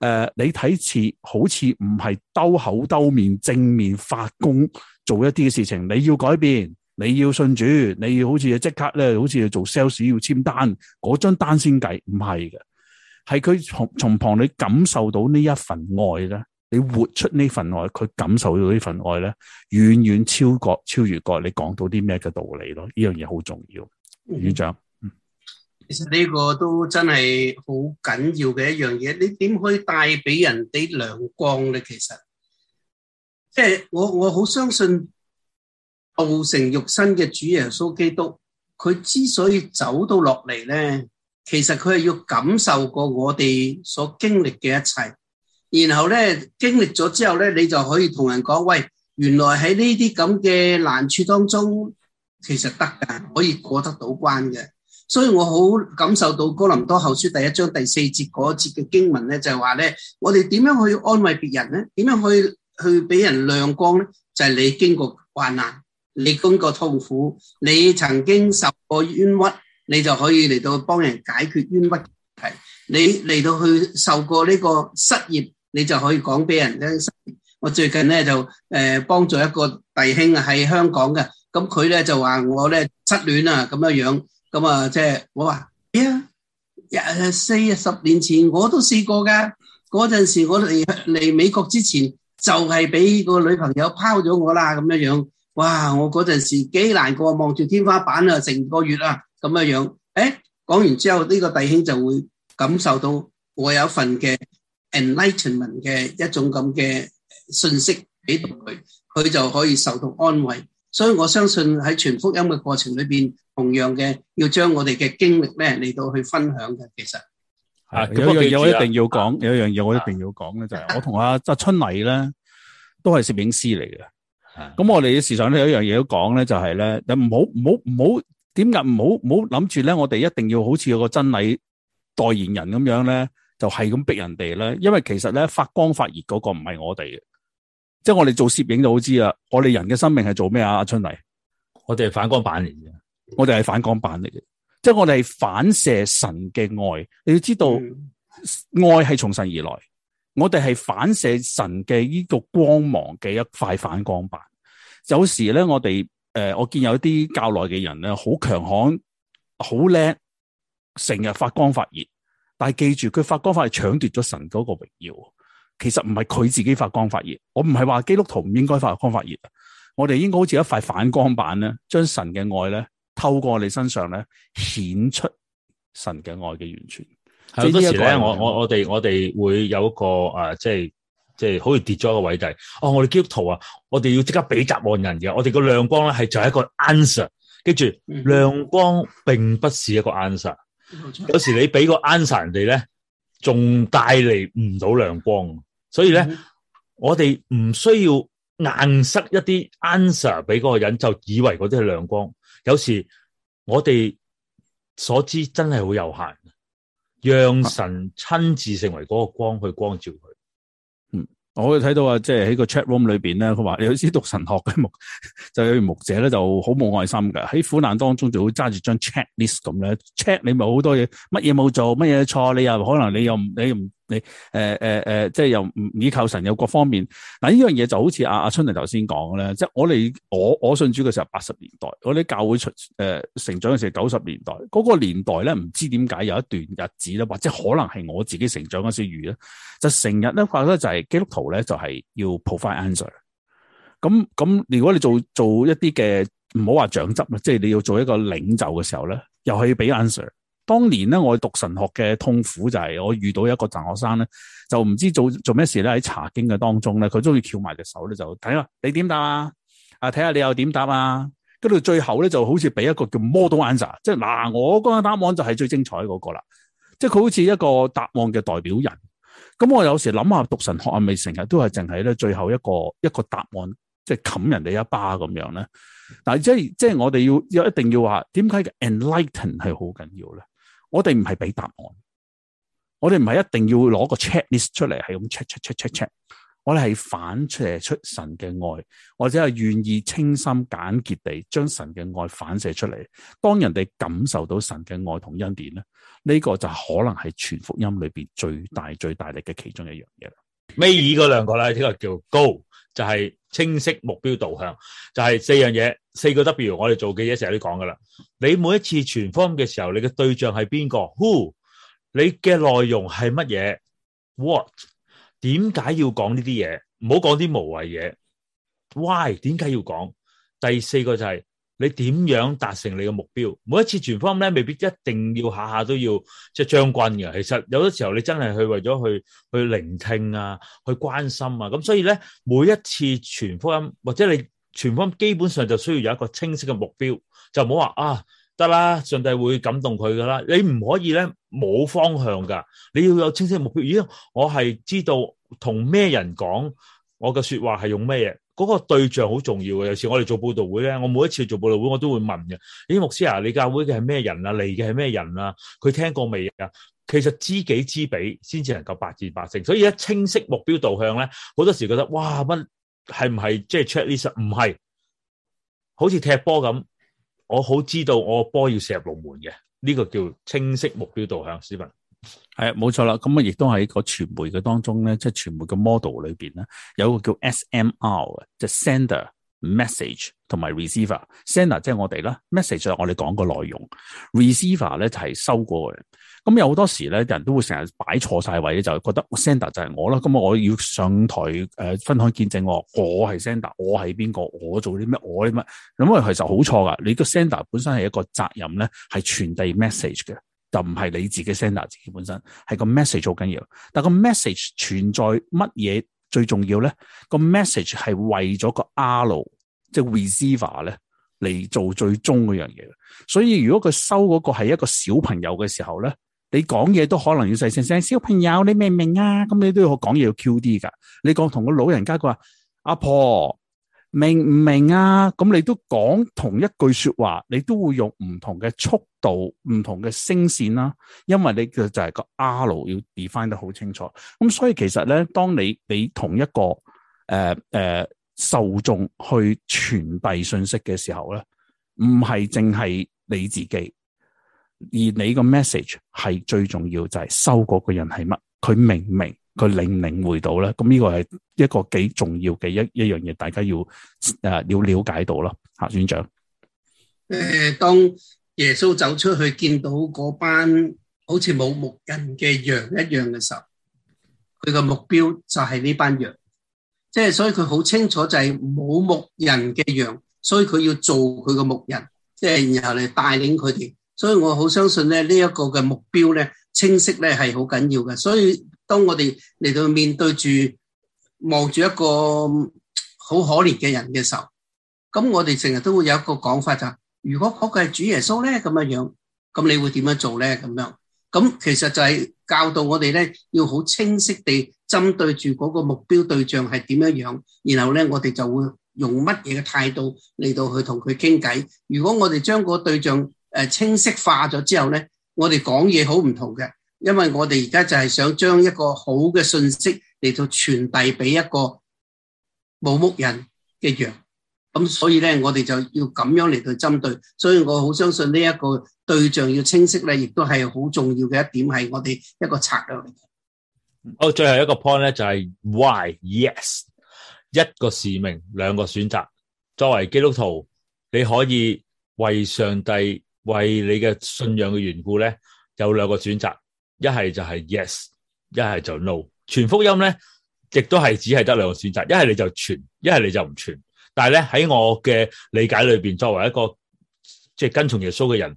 誒，你睇似好似唔係兜口兜面正面發功做一啲嘅事情。你要改變，你要信主，你要好似要即刻咧，好似要做 sales 要簽單嗰張單先計，唔係嘅，係佢從從旁你感受到呢一份愛咧，你活出呢份愛，佢感受到呢份愛咧，遠遠超過超越過你講到啲咩嘅道理咯。呢樣嘢好重要。院長，其實呢個都真係好緊要嘅一樣嘢。你點可以帶俾人哋亮光咧？其實，即係我我好相信道成肉身嘅主耶穌基督，佢之所以走到落嚟咧，其實佢係要感受過我哋所經歷嘅一切，然後咧經歷咗之後咧，你就可以同人講：喂，原來喺呢啲咁嘅難處當中。其實得噶，可以過得到關嘅，所以我好感受到《哥林多後書》第一章第四節嗰節嘅經文咧，就係話咧，我哋點樣去安慰別人咧？點樣去去俾人亮光咧？就係你經過患難，你經過痛苦，你曾經受過冤屈，你就可以嚟到幫人解決冤屈。係你嚟到去受過呢個失業，你就可以講俾人聽失業。我最近咧就誒幫助一個弟兄啊，喺香港嘅。咁佢咧就話我咧失戀啊咁樣樣，咁啊即係我話，哎呀，四十年前我都試過噶，嗰陣時我嚟嚟美國之前就係俾個女朋友拋咗我啦，咁樣樣，哇！我嗰陣時幾難過，望住天花板啊，成個月啊，咁樣樣。誒，講完之後呢個弟兄就會感受到我有一份嘅 enlightenment 嘅一種咁嘅信息俾到佢，佢就可以受到安慰。所以我相信喺傳福音嘅過程裏邊，同樣嘅要將我哋嘅經歷咧嚟到去分享嘅。其實啊，有一樣嘢我一定要講，有一樣嘢我一定要講咧，就係我同阿阿春禮咧都係攝影師嚟嘅。咁我哋事實上咧有一樣嘢都講咧，就係咧你唔好唔好唔好點解唔好唔好諗住咧，我哋一定要好似有個真理代言人咁樣咧，就係咁逼人哋咧。因為其實咧發光發熱嗰個唔係我哋嘅。即係我哋做攝影就好知啦，我哋人嘅生命係做咩啊？阿春麗，我哋係反光板嚟嘅，我哋係反光板嚟嘅。即係我哋係反射神嘅愛，你要知道，嗯、愛係從神而來，我哋係反射神嘅呢個光芒嘅一塊反光板。有時咧，我哋誒，我見有啲教內嘅人咧，好強悍，好叻，成日發光發熱，但係記住佢發光發熱係搶奪咗神嗰個榮耀。其實唔係佢自己發光發熱，我唔係話基督徒唔應該發光發熱，我哋應該好似一塊反光板咧，將神嘅愛咧透過你身上咧顯出神嘅愛嘅完全。好 多時咧，我我我哋我哋會有一個誒、呃，即係即係好似跌咗一個位地、就是。哦，我哋基督徒啊，我哋要即刻俾答案人嘅，我哋個亮光咧係就係、是、一個 answer。記住、嗯，亮光並不是一個 answer，嗯。有時你俾個 answer 人哋咧，仲帶嚟唔到亮光。所以咧，我哋唔需要硬塞一啲 answer 俾嗰個人，就以為嗰啲係亮光。有時我哋所知真係好有限，讓神親自成為嗰個光去光照佢。嗯，我會睇到啊，即係喺個 chat room 裏邊咧，佢話有啲讀神學嘅牧就有啲牧者咧就好冇愛心嘅。喺苦難當中，就會揸住張 check list 咁呢 check 你，咪好多嘢，乜嘢冇做，乜嘢錯，你又可能你又唔，你唔。你誒誒誒，即係又唔依靠神，有各方面。嗱呢樣嘢就好似阿阿春啊頭先講咧，即係我哋我我信主嘅時候八十年代，我啲教會出誒成長嘅時候九十年代，嗰個年代咧唔知點解有一段日子咧，或者可能係我自己成長嗰時遇咧，就成日咧覺得就係基督徒咧就係要 provide answer。咁咁，如果你做做一啲嘅唔好話長執，即係你要做一個領袖嘅時候咧，又係要俾 answer。當年咧，我讀神學嘅痛苦就係我遇到一個神學生咧，就唔知做做咩事咧。喺查經嘅當中咧，佢中意翹埋隻手咧，就睇下你點答啊，啊睇下你又點答啊。跟住最後咧，就好似俾一個叫 model answer，即係嗱、啊、我嗰個答案就係最精彩嗰個啦。即係佢好似一個答案嘅代表人。咁、嗯、我有時諗下讀神學係咪成日都係淨係咧最後一個一個答案，即係冚人哋一巴咁樣咧。但、啊、即係即係我哋要要一定要話，點解 enlighten 係好緊要咧？我哋唔係俾答案，我哋唔係一定要攞個 checklist 出嚟，係咁 check check check check check，我哋係反射出神嘅愛，或者係願意清心簡潔地將神嘅愛反射出嚟。當人哋感受到神嘅愛同恩典咧，呢個就可能係全福音裏邊最大最大力嘅其中一樣嘢。尾二嗰兩個咧，呢個叫高。就係清晰目標導向，就係四樣嘢，四個 W。我哋做嘅嘢成日都講㗎喇。你每一次傳福音嘅時候，你嘅對象係邊個？Who？你嘅內容係乜嘢？What？點解要講呢啲嘢？唔好講啲無謂嘢。Why？點解要講？第四個就係。你點樣達成你個目標？每一次傳福音咧，未必一定要下下都要即係將軍嘅。其實有啲時候你真係去為咗去去聆聽啊，去關心啊。咁所以咧，每一次傳福音或者你傳福音，基本上就需要有一個清晰嘅目標，就唔好話啊得啦，上帝會感動佢噶啦。你唔可以咧冇方向噶，你要有清晰目標。咦，我係知道同咩人講，我嘅說話係用咩嘢？嗰、那個對象好重要嘅，有時我哋做佈道會咧，我每一次做佈道會，我都會問嘅。咦，牧師啊，你教會嘅係咩人啊？嚟嘅係咩人啊？佢聽過未啊？其實知己知彼先至能夠百戰百勝，所以一清晰目標導向咧，就是，好多時覺得哇，乜係唔係即係 check list 唔係？好似踢波咁，我好知道我個波要射入龍門嘅，呢、這個叫清晰目標導向，市民。係冇錯啦，咁啊亦都喺個傳媒嘅當中咧，即係傳媒嘅 model 裏邊咧，有一個叫 S M R 即係 sender message 同埋 receiver。sender 即係我哋啦，message 就係我哋講個內容，receiver 咧就係收過嘅。咁有好多時咧，人都會成日擺錯曬位，就覺得 sender 就係我啦，咁啊我要上台誒分享見證我，我係 sender，我係邊個，我做啲咩，我啲乜，咁啊其實好錯噶。你個 sender 本身係一個責任咧，係傳遞 message 嘅。就唔係你自己 send 啊，自己本身係個 message 好緊要，但個 message 存在乜嘢最重要咧？個 message 係為咗個 R，即係 receiver 咧嚟做最終嗰樣嘢。所以如果佢收嗰個係一個小朋友嘅時候咧，你講嘢都可能要細聲，細小朋友你明唔明啊？咁你都要講嘢要 Q 啲噶。你講同個老人家佢話阿婆。明唔明啊？咁你都講同一句說話，你都會用唔同嘅速度、唔同嘅聲線啦。因為你嘅就係個 R 要 define 得好清楚。咁所以其實咧，當你你同一個誒誒、呃呃、受眾去傳遞信息嘅時候咧，唔係淨係你自己，而你個 message 係最重要，就係、是、收嗰個人係乜，佢明唔明？佢領唔領會到咧？咁呢個係一個幾重要嘅一一樣嘢，大家要誒要瞭解到咯。嚇，院長誒，當耶穌走出去見到嗰班好似冇牧人嘅羊一樣嘅時候，佢嘅目標就係呢班羊，即係所以佢好清楚就係冇牧人嘅羊，所以佢要做佢嘅牧人，即係然後嚟帶領佢哋。所以我好相信咧，呢一個嘅目標咧清晰咧係好緊要嘅，所以。當我哋嚟到面對住，望住一個好可憐嘅人嘅時候，噉我哋成日都會有一個講法，就如果嗰個係主耶穌呢，噉樣樣，噉你會點樣做呢？噉樣。噉其實就係教導我哋呢，要好清晰地針對住嗰個目標對象係點樣樣，然後呢，我哋就會用乜嘢嘅態度嚟到去同佢傾偈。如果我哋將嗰個對象清晰化咗之後呢，我哋講嘢好唔同嘅。因為我哋而家就係想將一個好嘅信息嚟到傳遞俾一個冇牧人嘅羊，咁所以咧我哋就要咁樣嚟到針對，所以我好相信呢一個對象要清晰咧，亦都係好重要嘅一點，係我哋一個策略嚟嘅。好，最後一個 point 咧就係、是、Why yes，一個使命，兩個選擇。作為基督徒，你可以為上帝、為你嘅信仰嘅緣故咧，有兩個選擇。一係就係 yes，一係就 no。傳福音咧，亦都係只係得兩個選擇，一係你就傳，一係你就唔傳。但係咧喺我嘅理解裏邊，作為一個即係、就是、跟從耶穌嘅人，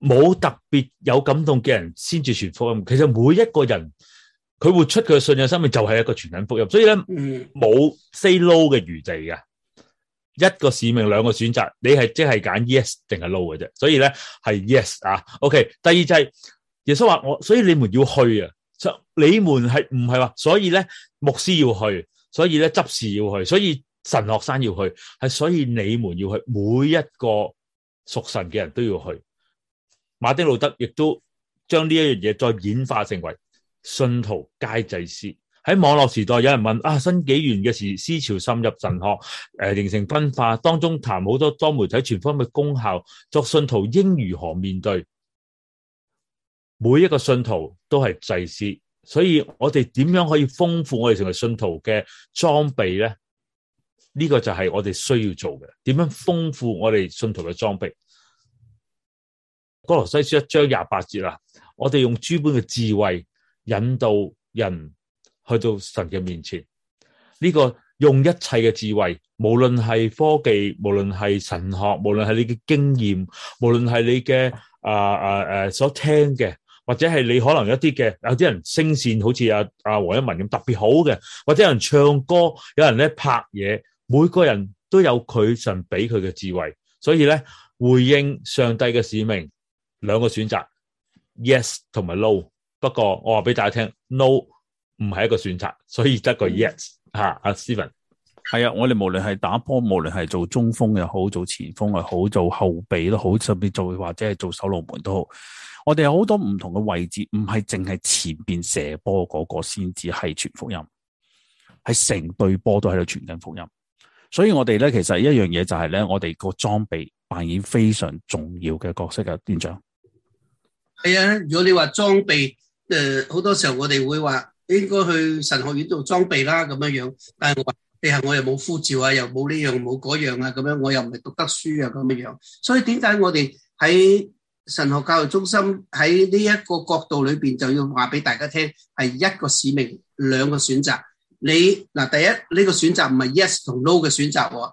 冇特別有感動嘅人先至傳福音。其實每一個人佢活出佢嘅信仰生命就係一個傳緊福音，所以咧冇 say no 嘅餘地嘅。一個使命，兩個選擇，你係即係揀 yes 定係 no 嘅啫。所以咧係 yes 啊，OK。第二就係、是。耶穌話我，所以你們要去啊！你們係唔係話，所以咧牧師要去，所以咧執事要去，所以神學生要去，係所以你們要去，每一個屬神嘅人都要去。馬丁路德亦都將呢一樣嘢再演化成為信徒皆祭師。喺網絡時代，有人問啊，新紀元嘅時思潮深入神學，誒形成分化，當中談好多多媒體全方位嘅功效，作信徒應如何面對？每一個信徒都係祭司，所以我哋點樣可以豐富我哋成為信徒嘅裝備咧？呢個就係我哋需要做嘅。點樣豐富我哋信徒嘅裝備？哥羅西書一章廿八節啦，我哋用諸般嘅智慧引導人去到神嘅面前。呢個用一切嘅智慧，無論係科技，無論係神學，無論係你嘅經驗，無論係你嘅啊誒所聽嘅。或者係你可能一啲嘅有啲人聲線好似阿阿黃一文咁特別好嘅，或者有人唱歌，有人咧拍嘢，每個人都有佢神俾佢嘅智慧，所以咧回應上帝嘅使命，兩個選擇 yes 同埋 no。不過我話俾大家聽，no 唔係一個選擇，所以得個 yes 吓，阿、啊、Steven。Stephen 係啊，我哋無論係打波，無論係做中鋒又好，做前鋒又好，做後備都好，甚至做或者係做守龍門都好，我哋有好多唔同嘅位置，唔係淨係前邊射波嗰個先至係傳福音，係成隊波都喺度傳緊福音。所以我哋咧，其實一樣嘢就係咧，我哋個裝備扮演非常重要嘅角色嘅。啊，院長。係啊，如果你話裝備誒，好、呃、多時候我哋會話應該去神學院做裝備啦，咁樣樣，但係。你係，我又冇呼召啊，又冇呢樣冇嗰樣啊，咁樣我又唔係讀得書啊，咁樣樣。所以點解我哋喺神學教育中心喺呢一個角度裏邊，就要話俾大家聽，係一個使命，兩個選擇。你嗱第一呢個選擇唔係 yes 同 no 嘅選擇，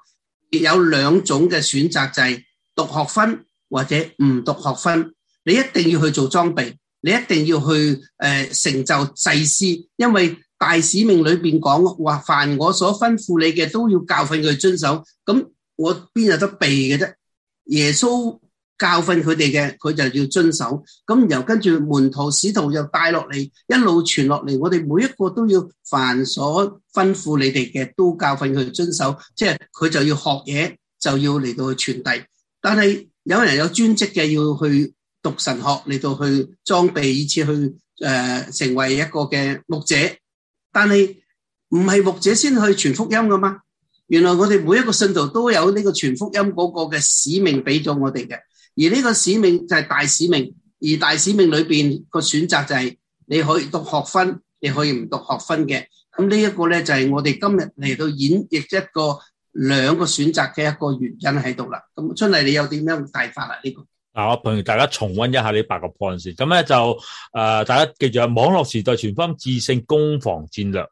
有兩種嘅選擇就係讀學分或者唔讀學分。你一定要去做裝備，你一定要去誒成就祭司，因為。大使命裏邊講話，凡我所吩咐你嘅，都要教訓佢遵守。咁我邊有得避嘅啫？耶穌教訓佢哋嘅，佢就要遵守。咁然後跟住門徒、使徒又帶落嚟，一路傳落嚟。我哋每一個都要凡所吩咐你哋嘅，都教訓佢遵守。即係佢就要學嘢，就要嚟到去傳遞。但係有人有專職嘅，要去讀神學嚟到去裝備，以此去誒成為一個嘅牧者。但係唔係牧者先去傳福音噶嘛？原來我哋每一個信徒都有呢個傳福音嗰個嘅使命俾咗我哋嘅，而呢個使命就係大使命，而大使命裏邊個選擇就係你可以讀學分，你可以唔讀學分嘅。咁呢一個咧就係我哋今日嚟到演繹一個兩個選擇嘅一個原因喺度啦。咁春麗你有點樣大法啦、啊、呢個嗱、啊，我同大家重溫一下呢八個 point 先，咁咧就誒、呃，大家記住啊，網絡時代全方位致勝攻防戰略，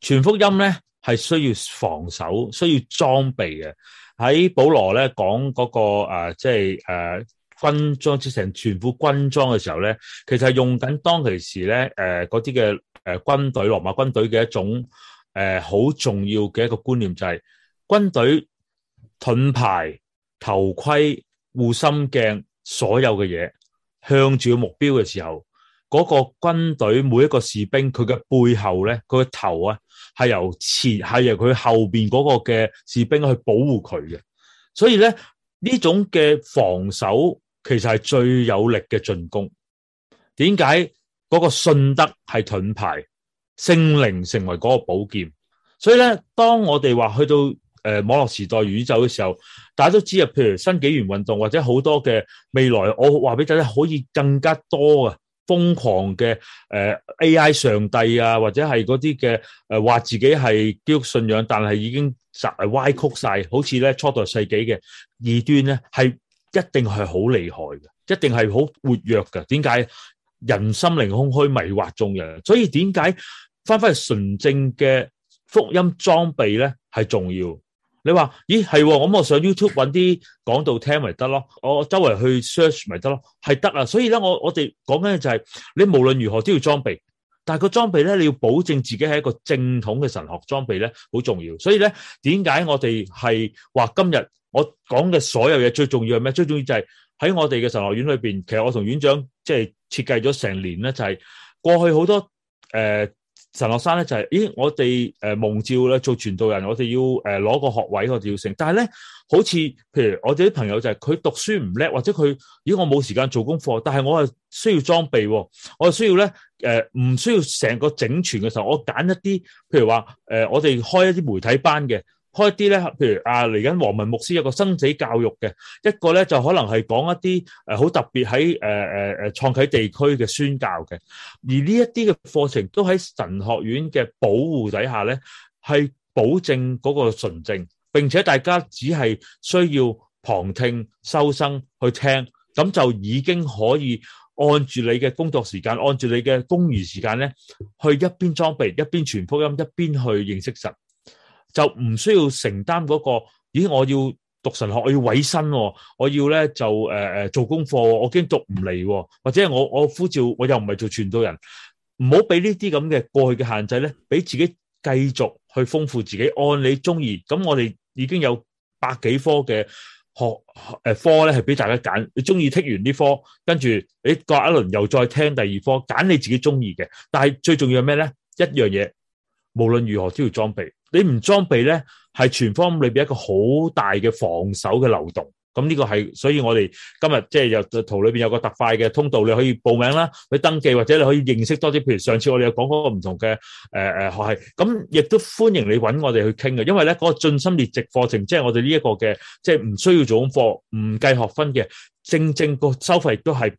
傳福音咧係需要防守，需要裝備嘅。喺保羅咧講嗰、那個誒、呃，即係誒、呃、軍裝即係成全副軍裝嘅時候咧，其實係用緊當其時咧誒嗰啲嘅誒軍隊羅馬軍隊嘅一種誒好、呃、重要嘅一個觀念，就係、是、軍隊盾牌、頭盔。護心鏡所有嘅嘢，向住個目標嘅時候，嗰個軍隊每一個士兵佢嘅背後咧，佢嘅頭啊係由前係由佢後邊嗰個嘅士兵去保護佢嘅，所以咧呢種嘅防守其實係最有力嘅進攻。點解嗰個信德係盾牌，聖靈成為嗰個寶劍，所以咧當我哋話去到。誒，網絡時代宇宙嘅時候，大家都知道，譬如新紀元運動或者好多嘅未來，我話俾大家可以更加多嘅瘋狂嘅誒 AI 上帝啊，或者係嗰啲嘅誒話自己係基督信仰，但係已經集歪曲晒，好似咧初代世紀嘅異端咧，係一定係好厲害嘅，一定係好活躍嘅。點解人心靈空虛，迷惑眾人？所以點解翻翻去純正嘅福音裝備咧，係重要。你話，咦，係，咁我上 YouTube 搵啲講道聽咪得咯，我周圍去 search 咪得咯，係得啊。所以咧，我我哋講緊嘅就係，你無論如何都要裝備，但係個裝備咧，你要保證自己係一個正統嘅神學裝備咧，好重要。所以咧，點解我哋係話今日我講嘅所有嘢，最重要係咩？最重要就係喺我哋嘅神學院裏邊，其實我同院長即係設計咗成年咧，就係過去好多誒。神學生咧就係、是，咦，我哋誒蒙召咧做傳道人，我哋要誒攞個學位，我哋要成，但係咧好似譬如我哋啲朋友就係，佢讀書唔叻，或者佢咦我冇時間做功課，但係我係需要裝備，我需要咧誒唔需要成個整全嘅時候，我揀一啲譬如話誒、呃、我哋開一啲媒體班嘅。開啲咧，譬如啊，嚟緊黃文牧師有一個生死教育嘅，一個咧就可能係講一啲誒好特別喺誒誒誒創啟地區嘅宣教嘅。而呢一啲嘅課程都喺神學院嘅保護底下咧，係保證嗰個純正，並且大家只係需要旁聽修生去聽，咁就已經可以按住你嘅工作時間，按住你嘅公餘時間咧，去一邊裝備，一邊傳福音，一邊去認識神。就唔需要承擔嗰個，咦？我要讀神學，我要委身，我要咧就誒誒做功課，我驚讀唔嚟，或者我我呼召我又唔係做傳道人，唔好俾呢啲咁嘅過去嘅限制咧，俾自己繼續去豐富自己，按你中意。咁我哋已經有百幾科嘅學誒科咧，係俾大家揀，你中意剔完呢科，跟住你隔一輪又再聽第二科，揀你自己中意嘅。但係最重要係咩咧？一樣嘢，無論如何都要裝備。你唔裝備咧，係全方裏邊一個好大嘅防守嘅漏洞。咁呢個係，所以我哋今日即係有圖裏邊有個特快嘅通道，你可以報名啦，去登記，或者你可以認識多啲。譬如上次我哋有講嗰個唔同嘅誒誒學系，咁亦都歡迎你揾我哋去傾嘅。因為咧嗰個進心列席課程，即係我哋呢一個嘅，即係唔需要做功課，唔計學分嘅，正正個收費都係。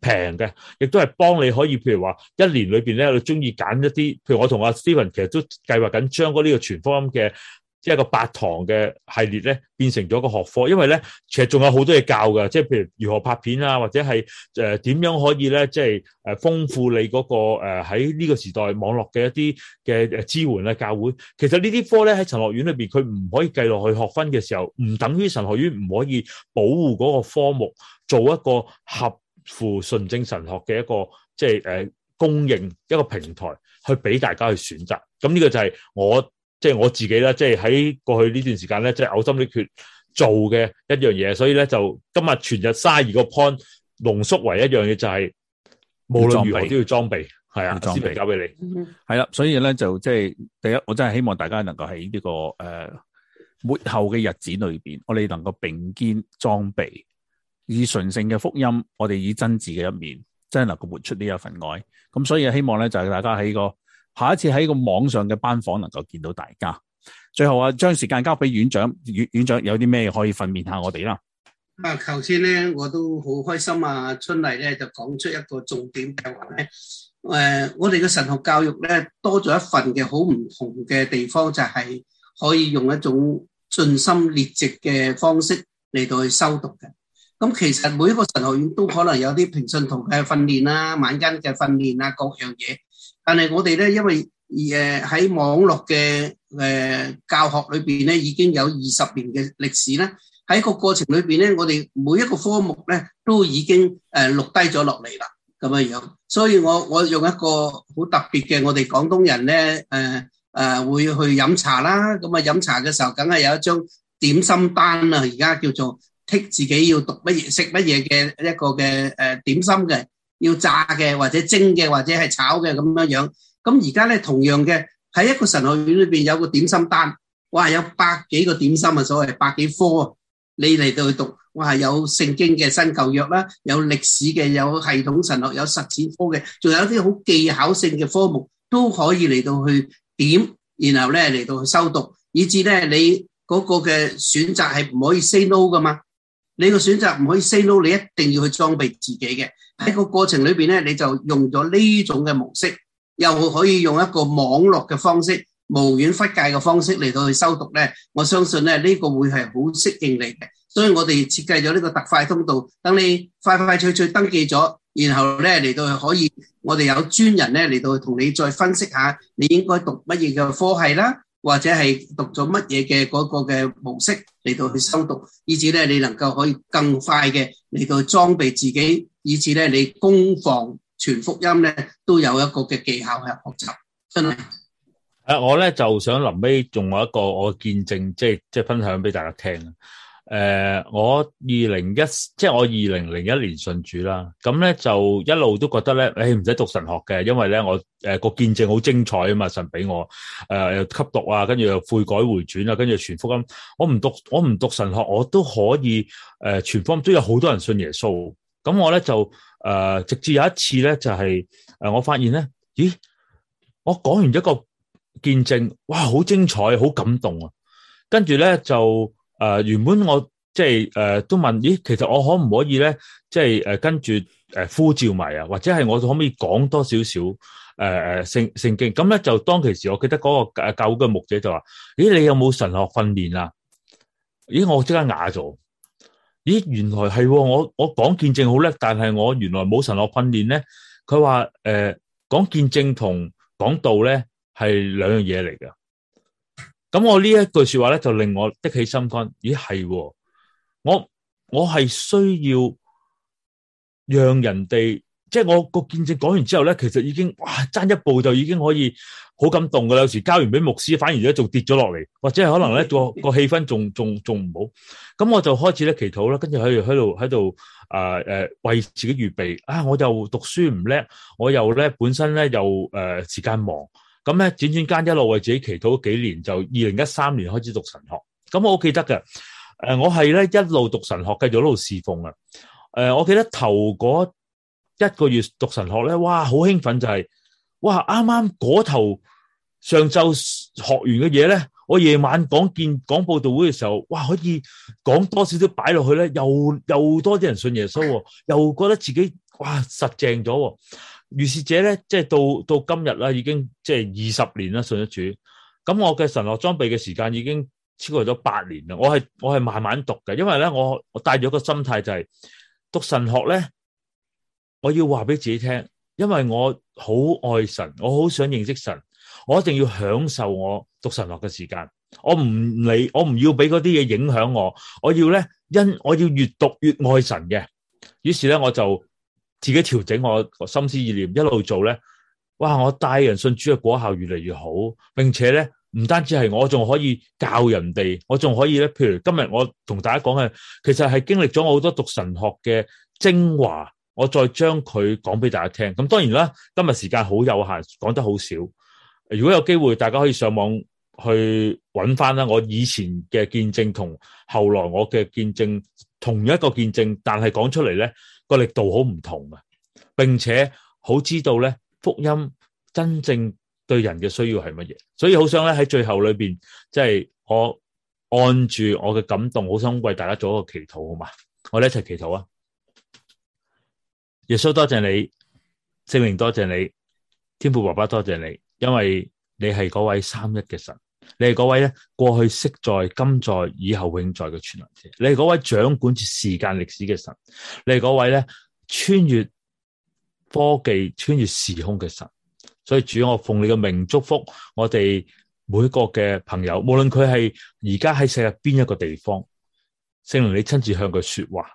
平嘅，亦都係幫你可以，譬如話一年裏邊咧，你中意揀一啲，譬如我同阿 Steven 其實都計劃緊將嗰呢個全科音嘅，即係一個八堂嘅系列咧，變成咗個學科，因為咧其實仲有好多嘢教嘅，即係譬如如何拍片啦、啊，或者係誒點樣可以咧，即係誒豐富你嗰個誒喺呢個時代網絡嘅一啲嘅支援啦，教會其實呢啲科咧喺神學院裏邊，佢唔可以計落去學分嘅時候，唔等於神學院唔可以保護嗰個科目做一個合。附純正神學嘅一個即係誒，供應一個平台，去俾大家去選擇。咁呢個就係我即係，就是，我自己啦，即係喺過去呢段時間咧，即係嘔心瀝血做嘅一樣嘢。所以咧，就今日全日卅二個 point 濃縮為一樣嘢，就是，就係無論如何都要裝備，係啊，裝備交俾你，係，嗯，啦。 所以咧就即、就、係、是，第一，我真係希望大家能夠喺呢個誒、呃、末後嘅日子裏邊，我哋能夠並肩裝備。以純正嘅福音，我哋以真摯嘅一面，真係能夠活出呢一份愛。咁所以希望咧，就係大家喺個下一次喺個網上嘅班房能夠見到大家。最後啊，將時間交俾院長，院院長有啲咩可以訓勉下我哋啦。咁啊，頭先咧我都好開心啊，春麗咧就講出一個重點嘅話咧，誒、就是，我哋嘅神學教育咧多咗一份嘅好唔同嘅地方，就係、是、可以用一種盡心列席嘅方式嚟到去修讀嘅。咁其實每一個神學院都可能有啲平信徒嘅訓練啦、晚間嘅訓練啊、各樣嘢。但係我哋咧，因為誒喺網絡嘅誒教學裏邊咧，已經有二十年嘅歷史啦。喺個過程裏邊咧，我哋每一個科目咧都已經誒錄低咗落嚟啦，咁樣樣。所以我我用一個好特別嘅，我哋廣東人咧誒誒會去飲茶啦。咁啊飲茶嘅時候，梗係有一張點心單啦。而家叫做，剔自己要讀乜嘢、食乜嘢嘅一個嘅誒點心嘅，要炸嘅或者蒸嘅或者係炒嘅咁樣樣。咁而家咧同樣嘅喺一個神學院裏邊有個點心單，哇有百幾個點心啊，所謂百幾科啊。你嚟到去讀，我係有聖經嘅新舊約啦，有歷史嘅，有系統神學，有實踐科嘅，仲有啲好技巧性嘅科目都可以嚟到去點，然後咧嚟到去修讀，以至咧你嗰個嘅選擇係唔可以 say no 噶嘛你個選擇唔可以 say no，你一定要去裝備自己嘅，喺個過程裏邊咧，你就用咗呢種嘅模式，又可以用一個網絡嘅方式、無遠弗屆嘅方式嚟到去修讀咧。我相信咧呢個會係好適應你嘅，所以我哋設計咗呢個特快通道，等你快快脆脆登記咗，然後咧嚟到去可以，我哋有專人咧嚟到同你再分析下你應該讀乜嘢嘅科系啦。或者係讀咗乜嘢嘅嗰個嘅模式嚟到去修讀，以至咧你能夠可以更快嘅嚟到裝備自己，以至咧你攻防傳福音咧都有一個嘅技巧去學習。真係，誒、啊，我咧就想臨尾仲有一個我見證，即係即係分享俾大家聽。誒、呃，我二零一即係我二零零一年信主啦，咁咧就一路都覺得咧，誒唔使讀神學嘅，因為咧我誒個、呃、見證好精彩啊嘛，神俾我誒、呃、吸毒啊，跟住又悔改回轉啊，跟住傳福音，我唔讀我唔讀神學，我都可以誒、呃、傳福音都有好多人信耶穌。咁我咧就誒、呃、直至有一次咧就係、是、誒我發現咧，咦我講完一個見證，哇好精彩，好感動啊，跟住咧就。誒，原本我即係誒，都問咦，其實我可唔可以咧，即係誒，跟住誒呼召埋啊，或者係我可唔可以講多少少誒誒聖聖經？咁咧就當其時，我記得嗰個誒教嘅牧者就話：咦，你有冇神學訓練啊？咦，我即刻啞咗。咦，原來係我我講見證好叻，但係我原來冇神學訓練咧。佢話誒，講見證同講道咧係兩樣嘢嚟嘅。咁我呢一句說話咧，就令我的起心肝。咦，係我我係需要讓人哋，即係我個見證講完之後咧，其實已經哇，爭一步就已經可以好感動噶啦。有時交完俾牧師，反而咧仲跌咗落嚟，或者係可能咧個個氣氛仲仲仲唔好。咁我就開始咧祈禱啦，跟住喺度喺度喺度啊誒，為自己預備啊！我又讀書唔叻，我又咧本身咧又誒時間忙。咁咧，轉轉間一路為自己祈禱幾年，就二零一三年開始讀神學。咁我好記得嘅，誒，我係咧一路讀神學，繼續一路侍奉啊。誒，我記得頭嗰一個月讀神學咧，哇，好興奮就係、是，哇，啱啱嗰頭上晝學完嘅嘢咧，我夜晚講見講佈道會嘅時候，哇，可以講多少少擺落去咧，又又多啲人信耶穌，又覺得自己哇實正咗。如是者呢，即係到到今日啦，已經即係二十年啦，信咗主。咁我嘅神學裝備嘅時間已經超過咗八年啦。我係，我係慢慢讀嘅，因為呢，我，我帶住個心態就係讀神學呢，我要話俾自己聽，因為我好愛神，我好想認識神，我一定要享受我讀神學嘅時間。我唔理，我唔要俾嗰啲嘢影響我。我要呢，我要越讀越愛神嘅。於是呢，我就自己調整我心思意念，一路做咧，哇！我帶人信主嘅果效越嚟越好，並且咧，唔單止係我，仲可以教人哋，我仲可以咧。譬如今日我同大家講嘅，其實係經歷咗我好多讀神學嘅精華，我再將佢講俾大家聽。咁當然啦，今日時間好有限，講得好少。如果有機會，大家可以上網去揾翻啦，我以前嘅見證同後來我嘅見證同一個見證，但係講出嚟咧。個力度好唔同啊，並且好知道咧，福音真正對人嘅需要係乜嘢，所以好想咧喺最後裏邊，即係我按住我嘅感動，好想為大家做一個祈禱，好嘛？我哋一齊祈禱啊！耶穌多謝你，聖靈多謝你，天父爸爸多謝你，因為你係嗰位三一嘅神。你係嗰位咧，過去昔在、今在、以後永在嘅全能者。你係嗰位掌管住時間歷史嘅神。你係嗰位咧，穿越科技、穿越時空嘅神。所以主，我奉你嘅名祝福我哋每個嘅朋友，無論佢係而家喺世界邊一個地方，聖靈你親自向佢說話。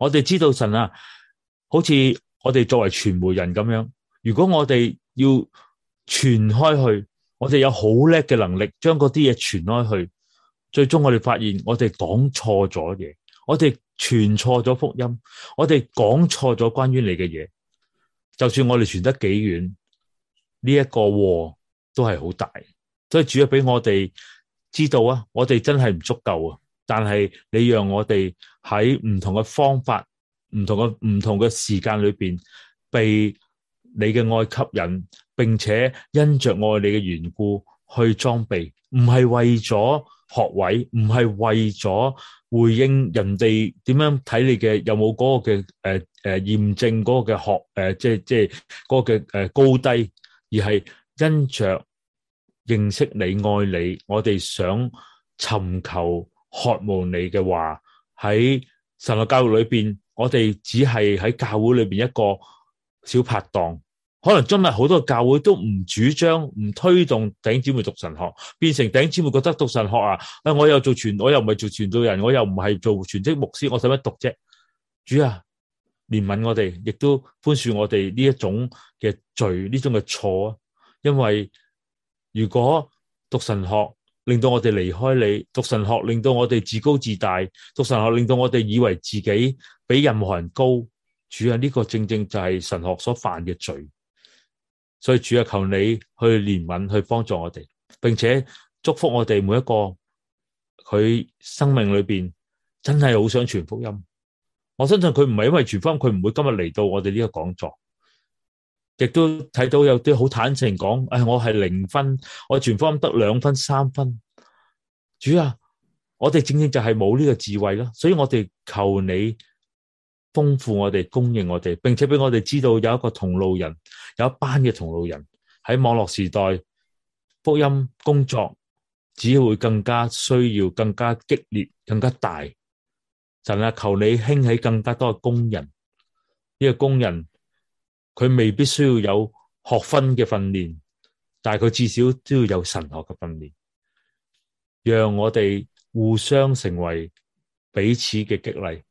我哋知道神啊，好似我哋作為傳媒人咁樣，如果我哋要傳開去。我哋有好叻嘅能力，將嗰啲嘢傳開去。最終我哋發現，我哋講錯咗嘢，我哋傳錯咗福音，我哋講錯咗關於你嘅嘢。就算我哋傳得幾遠，呢一個禍都係好大。所以主要俾我哋知道啊，我哋真係唔足夠啊。但係你讓我哋喺唔同嘅方法，唔同嘅唔同嘅時間裏邊，被你嘅愛吸引。並且因着愛你嘅緣故去裝備，唔係為咗學位，唔係為咗回應人哋點樣睇你嘅，有冇嗰個嘅誒誒驗證嗰、嗰個嘅學誒、呃，即係即係、嗰個嘅誒、呃、高低，而係因着認識你、愛你，我哋想尋求渴望你嘅話，喺神學教育裏邊，我哋只係喺教會裏邊一個小拍檔。可能真係好多教會都唔主張、唔推動頂姊妹讀神學，變成頂姊妹覺得讀神學啊！哎，我又做傳，我又唔係做傳道人，我又唔係做全職牧師，我使乜讀啫？主啊，憐憫我哋，亦都寬恕我哋呢一種嘅罪，呢種嘅錯啊！因為如果讀神學令到我哋離開你，讀神學令到我哋自高自大，讀神學令到我哋以為自己比任何人高，主啊，呢、這個正正就係神學所犯嘅罪。所以主啊，求你去憐憫，去幫助我哋，並且祝福我哋每一個佢生命裏邊真係好想傳福音。我相信佢唔係因為傳福音，佢唔會今日嚟到我哋呢個講座。亦都睇到有啲好坦誠講，唉、哎，我係零分，我傳福音得兩分、三分。主啊，我哋正正就係冇呢個智慧啦，所以我哋求你。豐富我哋，供應我哋，並且俾我哋知道有一個同路人，有一班嘅同路人喺網絡時代福音工作只會更加需要、更加激烈、更加大。就係，求你興起更加多嘅工人，呢、這個工人佢未必需要有學分嘅訓練，但係佢至少都要有神學嘅訓練，讓我哋互相成為彼此嘅激勵。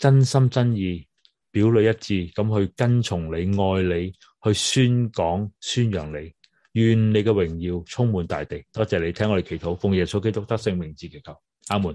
真心真意，表裏一致，咁去跟從你、愛你，去宣講、宣揚你，願你嘅榮耀充滿大地。多謝你聽我哋祈禱，奉耶穌基督得勝名字祈求，阿門。